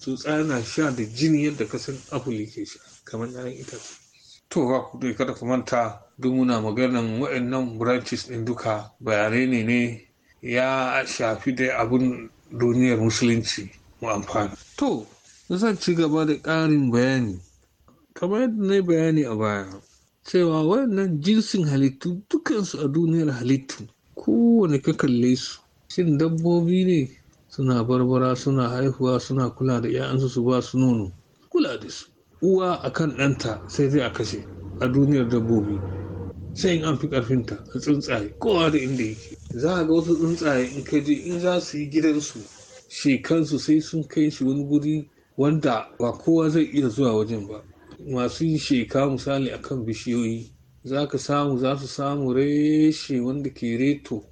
tsutsa yana sha da jini yadda ka san ke sha kamar ɗayan itace to ba ku dai kada ku manta duk muna maganan waɗannan branches ɗin duka bayanai ne ya shafi dai abin duniyar musulunci mu amfani to zan ci gaba da ƙarin bayani kamar yadda na yi bayani a baya cewa wannan jinsin halittu dukansu a duniyar halittu kowane ka kalle su shin dabbobi ne suna barbara suna haihuwa suna kula da 'ya'yansu su ba su nono kula da su uwa a kan ɗanta sai zai a kashe a duniyar dabbobi sai in an fi ƙarfinta a tsuntsaye kowa da inda yake za a ga wasu tsuntsaye in ka je in za su yi gidansu shekansu sai sun kai shi wani guri wanda ba kowa zai iya zuwa wajen ba masu yin sheka misali akan bishiyoyi za ka samu za su samu reshe wanda ke reto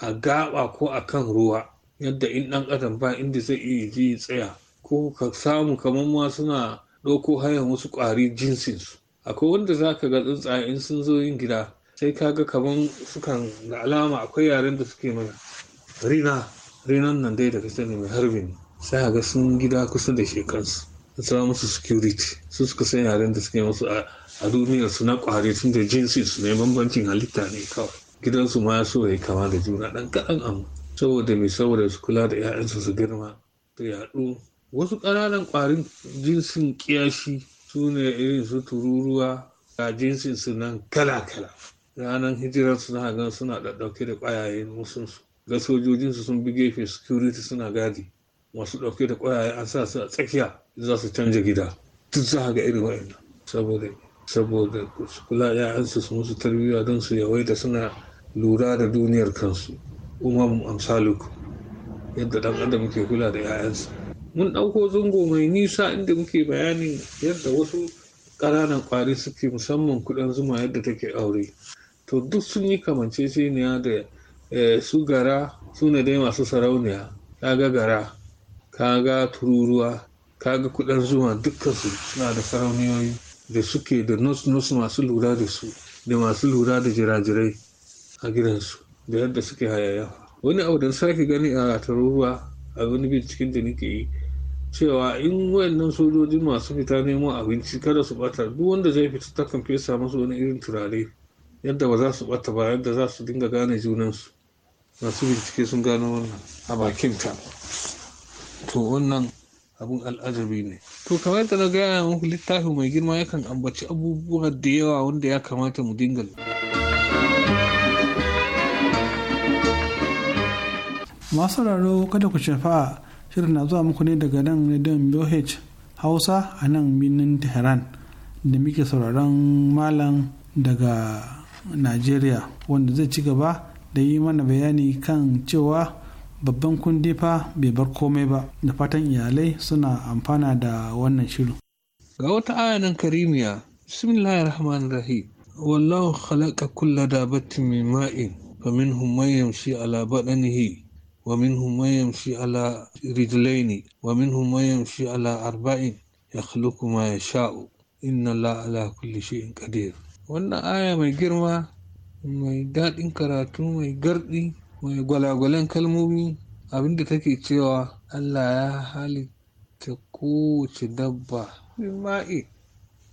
a gaba ko a kan ruwa yadda in ɗan adam ba inda zai iya ji tsaya ko ka samu kamar ma suna ɗauko hayan wasu ƙwari jinsinsu akwai wanda za ka ga tsuntsaye in sun zo yin gida sai ka ga kamar sukan da alama akwai yaren da suke mana rina rinan nan dai da ka sani mai harbin sai ga sun gida kusa da shekansu sa musu security su suka san yaren da suke musu a duniyar su na kwari tun da jinsi ne bambancin halitta ne kawai gidansu ma so ya kama da juna dan kaɗan amma saboda mai saboda su kula da 'ya'yansu su girma da yadu wasu ƙananan kwarin jinsin kiyashi su ne irin su tururuwa ga jinsin su nan kala-kala ranar hijirar suna gan suna ɗaɗɗauke da ƙwayayen su ga sojojinsu sun bi gefe security suna gadi masu ɗauke da ƙwayaye an sa su a tsakiya za su canja gida duk za ga irin wa'annan saboda saboda su kula ya'yansu su musu tarbiyya don su yawaita suna lura da duniyar kansu umar amsaluku yadda ɗan adam ke kula da ya'yansa mun ɗauko zango mai nisa inda muke bayanin yadda wasu ƙananan ƙwari suke musamman kuɗin zuma yadda take aure to duk sun yi kamanceceniya da eh, su gara su ne dai masu sarauniya ta ga gara ka ga tururuwa ka kaga kudan zuma dukkansu suna da sarauniyoyi da suke da nus-nus masu lura da su da masu lura da jirajirai a gidansu da yadda suke hayayya wani abu da sake gani a taruruwa a wani binciken da nake yi cewa in wayannan sojoji masu fita neman abinci kada su bata duk wanda zai fita ta takan fesa masu wani irin turare yadda ba za su bata ba yadda za su dinga gane junansu masu bincike sun gano wannan a bakin ta to wannan abun al'ajabi ne to kamar da na gaya muku littafi mai girma yakan ambaci abubuwa da yawa wanda ya kamata mu dinga masu raro kada ku shafa shirin na zuwa muku ne daga nan rediyon BOH Hausa a nan birnin Tehran da muke sauraron malam daga nigeria wanda zai ci gaba da yi mana bayani kan cewa babban kundi fa bai bar komai ba da fatan iyalai suna amfana da wannan shiru. ga wata nan karimiya bismillahir rahmanir rahim wallahu khalaqa kulla dabatin min ma'in minhum man yamshi ala badanihi man yamshi ala rijlaini wa minhum man yamshi ala arba'in yakhluqu ma yasha'u inna allaha ala kulli shay'in qadir wannan aya mai girma mai daɗin karatu mai garɗi mai gwalagwalen kalmomi abinda take cewa Allah ya halitta kowace dabba ma'i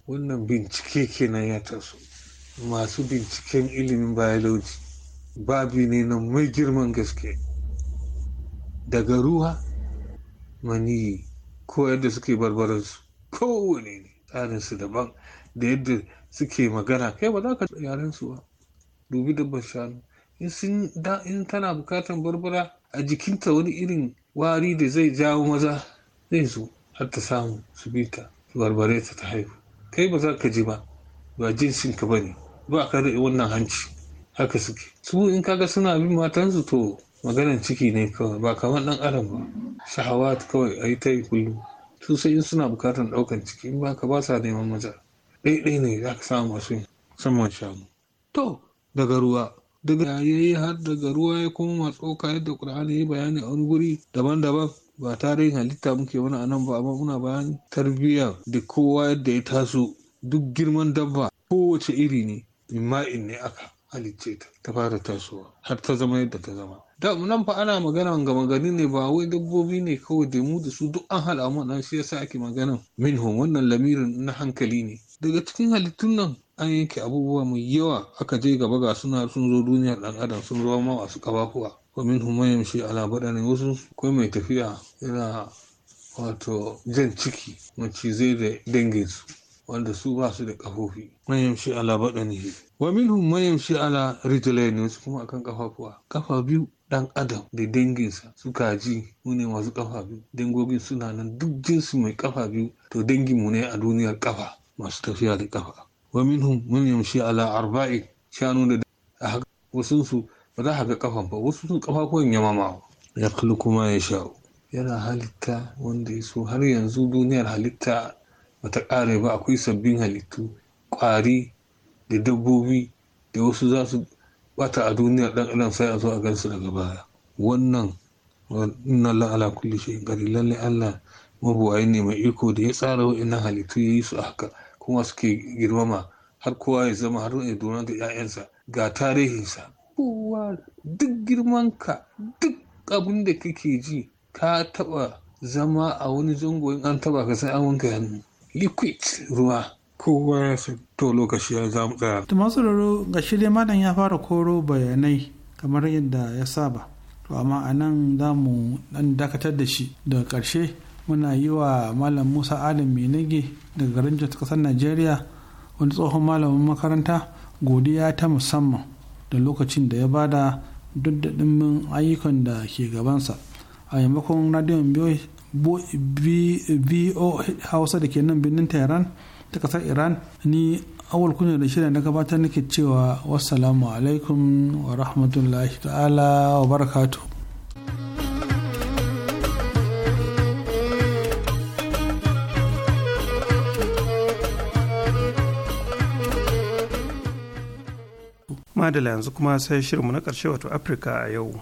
wannan bincike kenan ya taso masu binciken ilimin biology babi ne na mai girman gaske daga ruwa mani. ko yadda suke barbaransu kowane ne tsarinsu daban da yadda suke magana kai ba za ka yarensu ba dubi dabbar shanu in tana bukatan barbara a jikinta wani irin wari da zai jawo maza zai zo har ta samu su bi ta barbare ta ta haihu kai ba za ka ji ba ba jinsin ka bane ba ka da wannan hanci haka suke su in kaga suna bin matansu to maganan ciki ne kawai ba kamar dan adam ba shahawa kawai a yi ta yi kullum su sai in suna bukatan daukan ciki in ba ka ba sa neman maza ɗaiɗai ne za ka samu masu yin, musamman shanu to daga ruwa daga yayi har daga ruwa ya koma tsoka yadda qur'ani ya bayani a wani guri daban-daban ba tare yin halitta muke wani a nan ba amma muna bayan tarbiyya da kowa yadda ya taso duk girman dabba kowace iri ne imma'in ne aka halicce ta ta fara tasowa har ta zama yadda ta zama da nan fa ana magana gama gari ne ba wai dabbobi ne kawai da mu da su duk an hal'amu nan shi yasa ake magana minhum wannan lamirin na hankali ne daga cikin halittun nan an yanke abubuwa mai yawa aka je gaba ga suna sun zo duniyar ɗan adam sun zo ma wasu kafafuwa ko min huma yamshi ala badani wasu ko mai tafiya yana wato jan ciki macizai da danginsu wanda su ba su da kafofi mayan shi ala baɗani wa minhum mayan shi ala rijlaini wasu kuma akan kafafuwa kafa biyu dan adam da danginsa su kaji mu ne masu kafa biyu dangogin suna nan duk jinsi mai kafa biyu to dangin mu ne a duniyar kafa masu tafiya da kafa wa minhum man yamshi ala arba'i da wasu su ba za ga kafan ba wasu sun kafa ko ya mama ya kuma ya sha yana halitta wanda ya so har yanzu duniyar halitta bata kare ba akwai sabbin halittu kwari da dabbobi da wasu za su bata a duniyar dan adam sai a zo a gansu daga baya wannan inna Allah ala kulli shay'in qadir lalle Allah mabuwayi ne mai iko da ya tsara wa'annan halittu ya yi su haka kuma suke girmama har kowa ya zama har ya dona da 'ya'yansa ga tarihinsa kowa duk girman ka duk abin da kake ji ka taba zama a wani zango in an taba ka sai an wanka hannu liquid ruwa kowa ya to lokaci ya zamu tsaya. to masu raro ga shirya malam ya fara koro bayanai kamar yadda ya saba to amma anan nan za mu dan dakatar da shi daga karshe muna yi wa malam musa adam menege daga garin jos kasar nigeria wani tsohon malamin makaranta godiya ta musamman da lokacin da ya bada duk da dimmin ayyukan da ke gabansa a yammakon radiyon bo hausa da ke nan birnin tehran ta kasar iran ni awal kunya da shirya na gabatar nake cewa wassalamu alaikum wa rahmatullahi ta'ala wa barakatu. madala yanzu kuma sai shirinmu na ƙarshe wato afirka a yau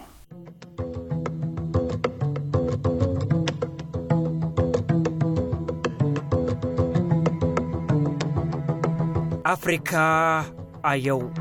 afirka a yau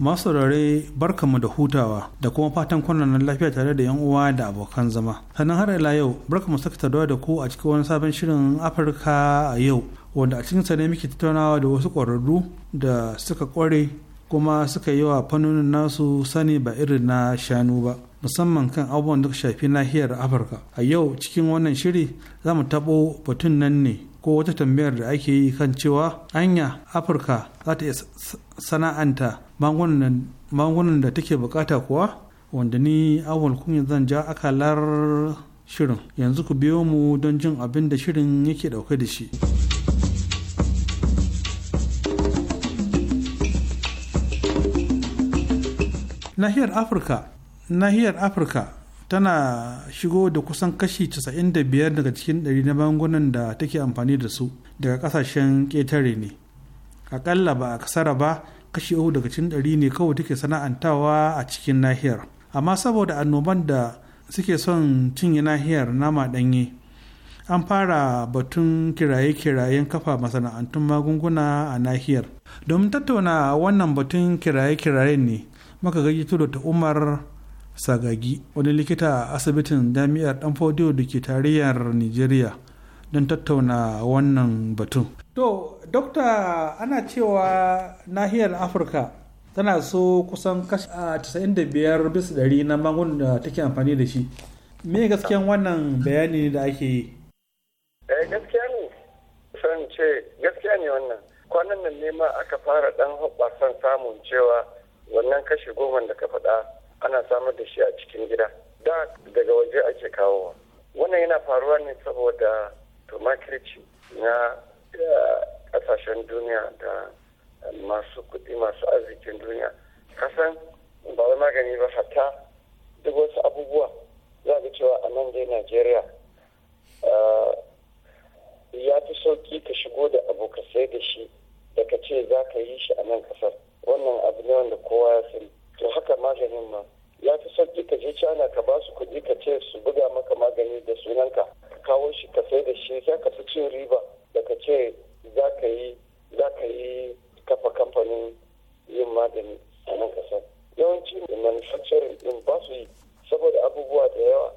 masu rare barkanmu da hutawa da kuma fatan kwanan lafiya tare da yan uwa da abokan zama sannan har ila yau barkanmu saka da ku a cikin wani sabon shirin afirka a yau wanda a cikinsa ne muke tattaunawa da wasu kwararru da suka kware kuma suka yi wa fannonin nasu sani ba irin na shanu ba musamman kan abubuwan da shafi nahiyar afirka a yau cikin wannan shiri za mu taɓo batun nan ne ko wata tambayar da ake yi kan cewa anya afirka za ta iya sana'anta magungunan da take bukata kuwa wanda ni awal kunya zan ja akalar shirin yanzu ku biyo mu don jin abin da shirin yake dauke da shi nahiyar afirka nahiyar afirka tana shigo da kusan kashi 95 daga cikin 100 na magungunan da take amfani da su daga kasashen ƙetare ne akalla ba a kasara ba kashi uku daga cikin 100 ne kawai take sana'antawa a cikin nahiyar amma saboda annoban da suke son cinye nahiyar nama ɗanye an fara batun kiraye-kirayen kafa masana'antun magunguna a nahiyar domin tattauna wannan batun kiraye-kirayen ne maka gaji tudu ta umar sagagi wani likita a asibitin jami'ar dan fodiyo da ke tarayyar nigeria don tattauna wannan batun to dokta ana cewa nahiyar afirka tana so kusan kashi 95 ah, bis ɗari na magun da take amfani da shi me gaskiyan wannan bayani da ake yi eh, gaskiya ne san ce gaskiya ne wannan kwanan nan nema aka fara dan hoɓasan samun cewa wannan kashi goma da ka faɗa ana samar da shi a cikin gida da daga waje ake kawo wannan yana faruwa ne saboda tumakirci na kasashen eh, duniya da masu kuɗi masu arzikin duniya kasan ba wai magani ba hatta duk wasu abubuwa za ga cewa a nan dai najeriya eh, ya fi sauki ka shigo da abu ka sai da shi da ka ce za ka yi shi a nan kasar wannan abu ne wanda kowa ya sani to haka maganin ma ya fi sauki ka je cana ka ba su kuɗi ka ce su buga maka magani da sunanka ka kawo shi ka sai da shi sai ka fi cin riba da ka ce za ka yi za ka kafa kamfanin yin magani a nan san yawanci manufacturing din ba su yi saboda abubuwa da yawa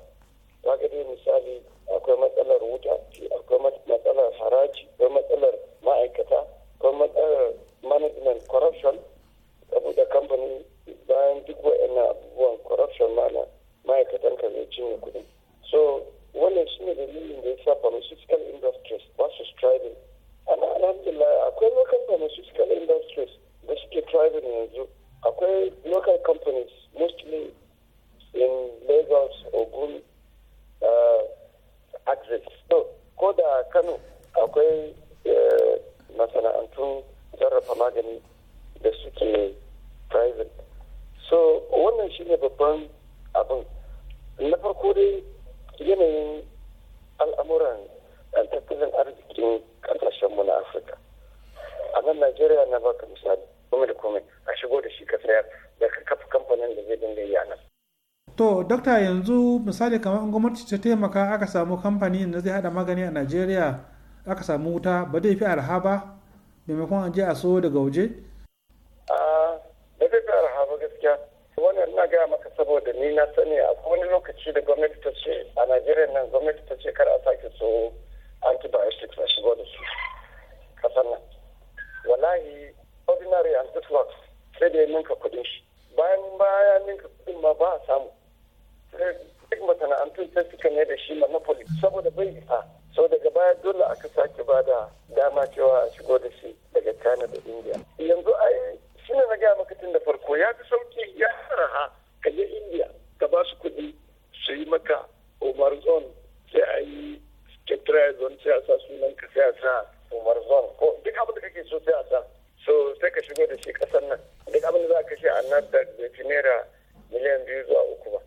ta dai misali akwai matsalar wuta akwai matsalar haraji akwai matsalar ma'aikata akwai matsalar management corruption da kamfanin bayan duk waɗannan abubuwan corruption mana ma'aikatan ka zai cinye kuɗi so wannan shi ne dalilin da ya sa pharmaceutical industries ba su striving ana alhamdulillah akwai local pharmaceutical industries da suke striving yanzu akwai local companies mostly in lagos ogun uh, access so ko da kano akwai eh, masana'antun sarrafa magani da suke private babban abin na farko dai yanayin al'amuran tattalin arzikin mu na afirka a nan najeriya na baka misali kome da kome a shigo da shi ka sayar da ka kafa kamfanin da zai dinga yi a nan to dokta yanzu misali kamar gwamnati ta taimaka aka samu kamfanin da zai hada magani a najeriya aka samu wuta ba zai fi arha ba maimakon an je a so daga waje? a da zai fi arha ba gaskiya wannan na gaya saboda ni na sani a wani lokaci da gwamnati ta ce a najeriya nan gwamnati ta ce kar a sake so antibiotics a shigo da su kasar nan wallahi ordinary antibiotics sai da ya ninka kudin shi bayan baya ninka kudin ma ba a samu duk masana'antun sai suka ne da shi monopoly saboda bai isa sau daga baya dole aka sake ba da dama cewa a shigo da shi daga china da india yanzu ai shi ne na gaya maka tun da farko ya fi sauki ya raha ka je india ka ba su kuɗi su yi maka umar zone sai a yi capture zone sai a sa sunan ka sai a sa umar zone ko duk abin da kake so sai a sa so sai ka shigo da shi ƙasar nan duk abin da za ka shi a nan da bai naira miliyan biyu zuwa uku ba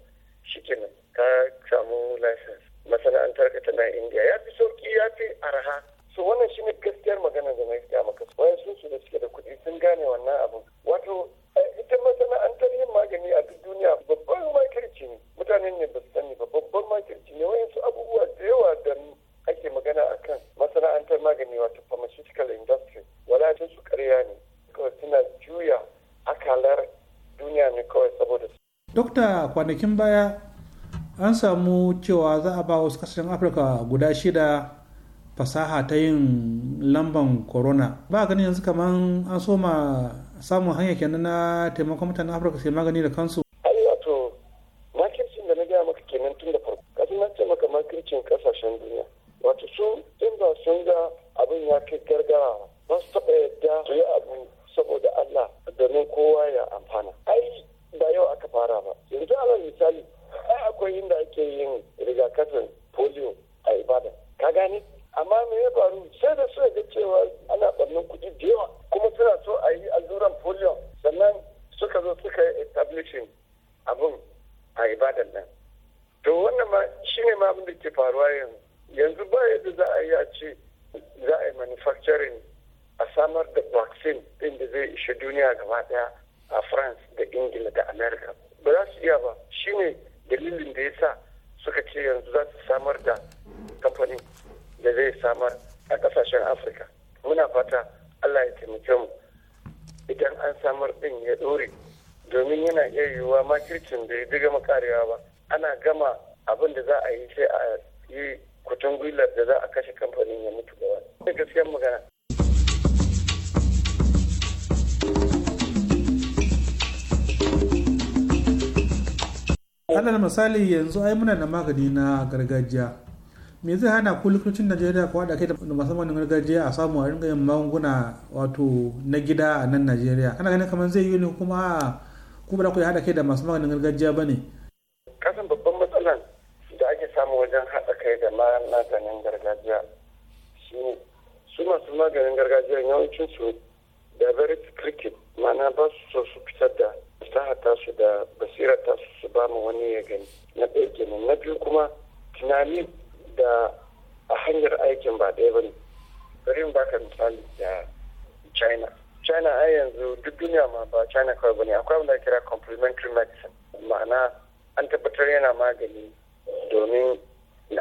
kenan ka samu license masana'antar ka tana India. ya fi sauki ya fi arha so wannan shine gaskiyar magana da mai gaskiya maka wayan su da suke da kuɗi sun gane wannan abu wato ita masana'antar yin magani a duk duniya babban makirci ne mutanen ne ba su sani ba babban makirci ne su abubuwa da yawa da ake magana a kan masana'antar magani wato pharmaceutical industry wadatun su karya ne kawai suna juya akalar duniya ne kawai saboda su. Dokta kwanakin baya an samu cewa za a ba wasu kasashen Afirka guda shida fasaha ta yin lamban corona ba ganin yanzu kamar an soma samun hanya kenan na taimakon mutanen afirka su magani da kansu misali yanzu ai muna da magani na gargajiya me zai hana ku likitocin najeriya ku haɗa kai da musamman gargajiya a samu a ringa yin magunguna wato na gida a nan najeriya kana ganin kamar zai yi ne kuma ku ba ku haɗa kai da masu maganin gargajiya ba ne. kasan babban matsalan da ake samu wajen haɗa kai da maganin gargajiya su masu maganin gargajiya yawancin su da very cricket ma'ana ba su so su fitar da ta su da basira ta su ba mu wani ya gani na ɗaya kenan na biyu kuma tunani da a hanyar aikin ba ɗaya bane bari mu baka misali da china china ai yanzu duk duniya ma ba china kawai bane akwai wanda kira complementary medicine ma'ana an tabbatar yana magani domin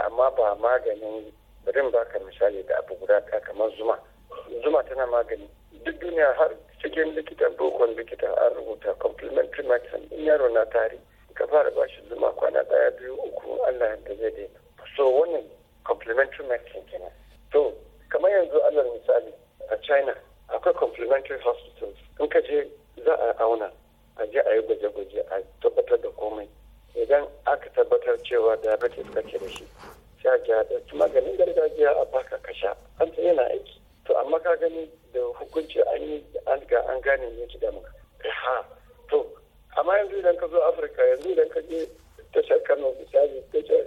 amma ba maganin bari mu baka misali da abu guda kamar zuma zuma tana magani duk duniya har cikin likita bokon likitan an rubuta complementary medicine in yaro na tari ka fara ba shi zuma kwana daya biyu uku allah da zai daina so wannan complementary medicine kenan to kamar yanzu allah misali a china akwai complementary hospitals in ka je za a auna a je a yi gwaje-gwaje a tabbatar da komai idan aka tabbatar cewa diabetes kake da shi sai a ji maganin gargajiya a baka kasha an yana aiki to amma ka gani da hukunci an yi an ga an gane ne ki dama ha to amma yanzu idan ka zo afirka yanzu idan ka je tashar kano misali tashar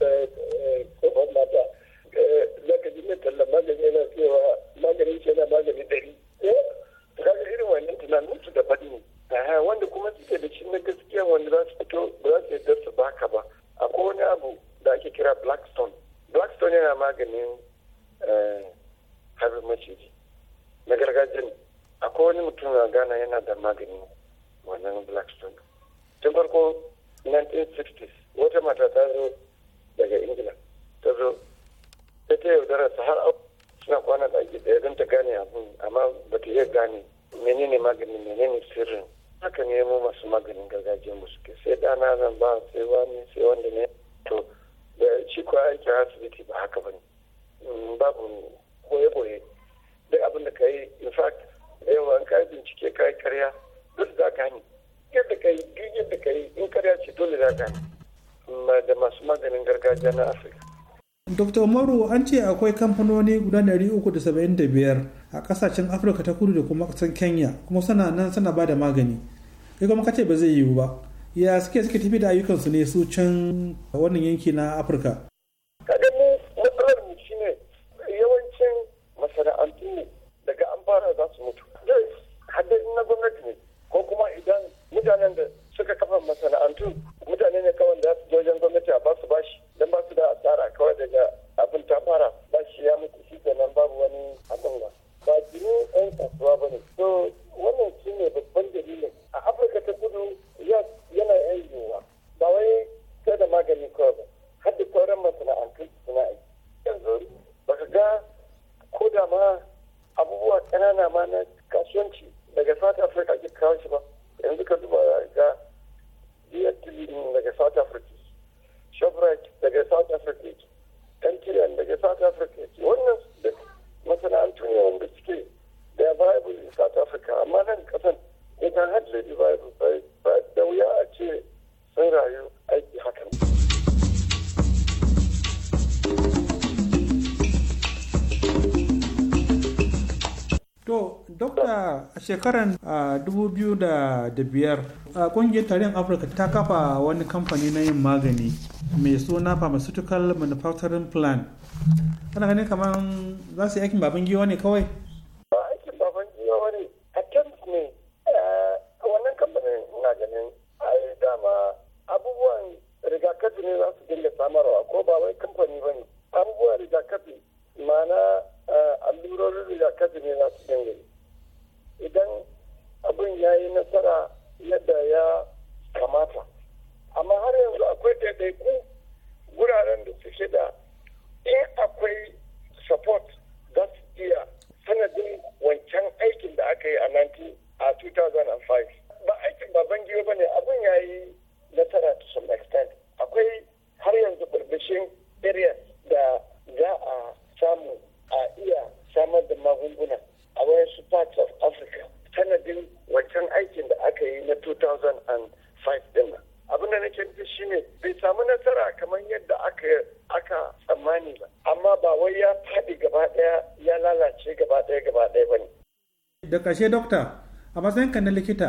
eh, eh, kofar mata eh, za ka ji mai tallan magani yana cewa magani ce na magani ɗari to kaga irin wannan tunanin su daban ne wanda kuma suke da cin na gaskiya wanda za su fito ba za su yarda su baka ba akwai wani abu da ake kira blackstone blackstone yana maganin kafin maciji na gargajiya ne akwai wani mutum a ghana yana da magani wannan blackstone tun farko 1960s wata mata ta zo daga ingila ta zo ta ta yaudara su har suna kwana ake ɗaya don ta gane abu amma ba ta iya gane menene magani menene sirrin haka ne mu masu maganin gargajiya mu suke sai dana zan ba sai wani sai wanda ne to da shi ko aiki asibiti ba haka ba ne mm, babu koye duk abin da ka yi in fact yawa an ka bincike ka yi karya dole za ka hani yadda ka yi duk yadda ka yi in karya ce dole za ka hani da masu maganin gargajiya na afirka Dr. Moro an ce akwai kamfanoni guda 375 a kasashen Afirka ta kudu da kuma kasar Kenya kuma suna nan suna ba da magani. Kai kuma kace ba zai yiwu ba. Ya suke suke tafi da ayyukansu ne su can wannan yanki na Afirka. makarantu ne daga an fara za su mutu haddadin na gwamnati ne ko kuma idan mutanen da suka kafa masana'antu mutane ne kawai da su wajen gwamnati a basu bashi don basu da asara kawai daga abin ta fara bashi ya mutu shi kenan babu wani abin ba ba jini yan kasuwa ba ne so wannan shi ne babban dalilin a afirka ta kudu yana yan yiwuwa ba wai sai da magani kawai ba haddi sauran masana'antu suna aiki yanzu baka ga ko da ma abubuwa ƙanana ma na kasuwanci daga south africa ake kawo shi ba yanzu ka duba ga dstv daga south africa shoprite daga south africa kantilian daga south africa wannan da masana'antu ne wanda suke da viable in south africa amma nan kasan ya kan hardly viable da wuya a ce sun rayu aiki hakan. To, dokta a shekarar 2005 a kungiyar tarihin Afirka ta kafa wani kamfani na yin magani mai suna pharmaceutical manufacturing plan. Ana ganin kamar za su yi aikin baban giwa ne kawai? Ba aikin baban giwa ne, attempt ne. Wannan kamfanin na ganin a ai dama abubuwan rigakafi ne za su dinga samarwa ko ba wai kamfani ba ne. Abubuwan rigakafi ma'ana rigakafi ne na cikin gari idan abin ya yi nasara yadda ya kamata amma har yanzu akwai ɗaiɗaiku wuraren da suke da in akwai support za su iya sanadin wancan aikin da aka yi a 19 a 2005 ba aikin ba giwa ba ne abin ya yi nasara to some extent akwai har yanzu burbushin areas da za a samu a iya samar da magunguna a wasu parts of Africa sanadin wancan aikin da aka yi na 2005 din nan. Abin da nake nufi shine bai samu nasara kamar yadda aka aka tsammani ba, amma ba wai ya faɗi gaba ɗaya ya lalace gaba ɗaya gaba ɗaya ba ne. Da ƙarshe dokta, a matsayin matsayinka na likita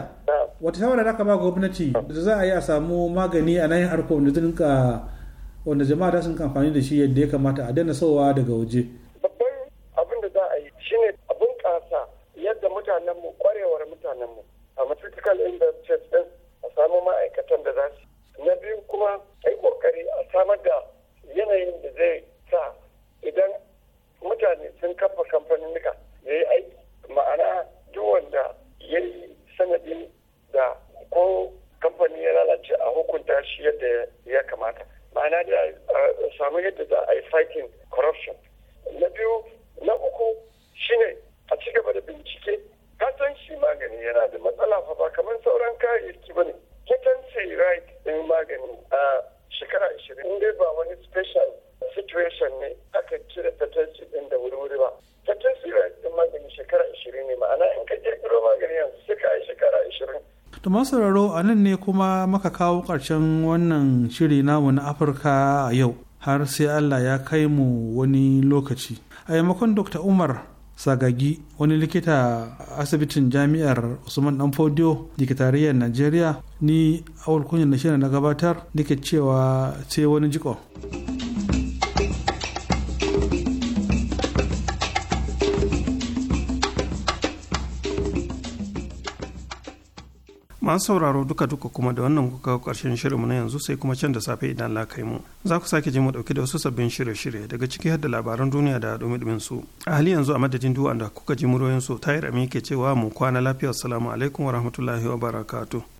wata shawara da aka ba gwamnati da za a yi a samu magani a nan harko wanda wanda jama'a da sun amfani da shi yadda ya kamata a daina sowa daga waje mutanenmu kwarewar mutanenmu pharmaceutical industries din a samu ma'aikatan da za su na biyu kuma a yi kokari a samar da yanayin da zai sa idan mutane sun kafa kamfanin nika ya yi aiki ma'ana duk wanda ya yi sanadin da ko kamfanin ya lalace a hukunta shi yadda ya kamata ma'ana da a samu yadda za a yi fighting corruption na biyu na uku shine a ci gaba da bincike ka shi magani yana da matsala fa ba kamar sauran kayayyaki ba ne patency right ɗin magani a shekara ashirin in dai ba wani special situation ne aka cire patency ɗin da wuri-wuri ba patency right ɗin magani shekara ashirin ne ma'ana in ka kirkiro magani yanzu sai ka yi shekara ashirin To sauraro a nan ne kuma maka kawo ƙarshen wannan shiri namu na Afirka a yau har sai Allah ya kai mu wani lokaci. A yamakon Dr. Umar Sagagi wani likita asibitin jami'ar usman dan fodio da tarayyar najeriya ni awal kunyar na shirin na gabatar nake cewa sai wani jiko. masu sauraro duka duka kuma da wannan kuka karshen shirinmu na yanzu sai kuma can da safe idan la kai mu za ku sake ji mu dauki da wasu sabbin shirye-shirye daga ciki har da labaran duniya da dumi su a hali yanzu a madadin duk kuka ji muryoyin su tayar ke cewa mu kwana lafiya salamu alaikum wa barakatu.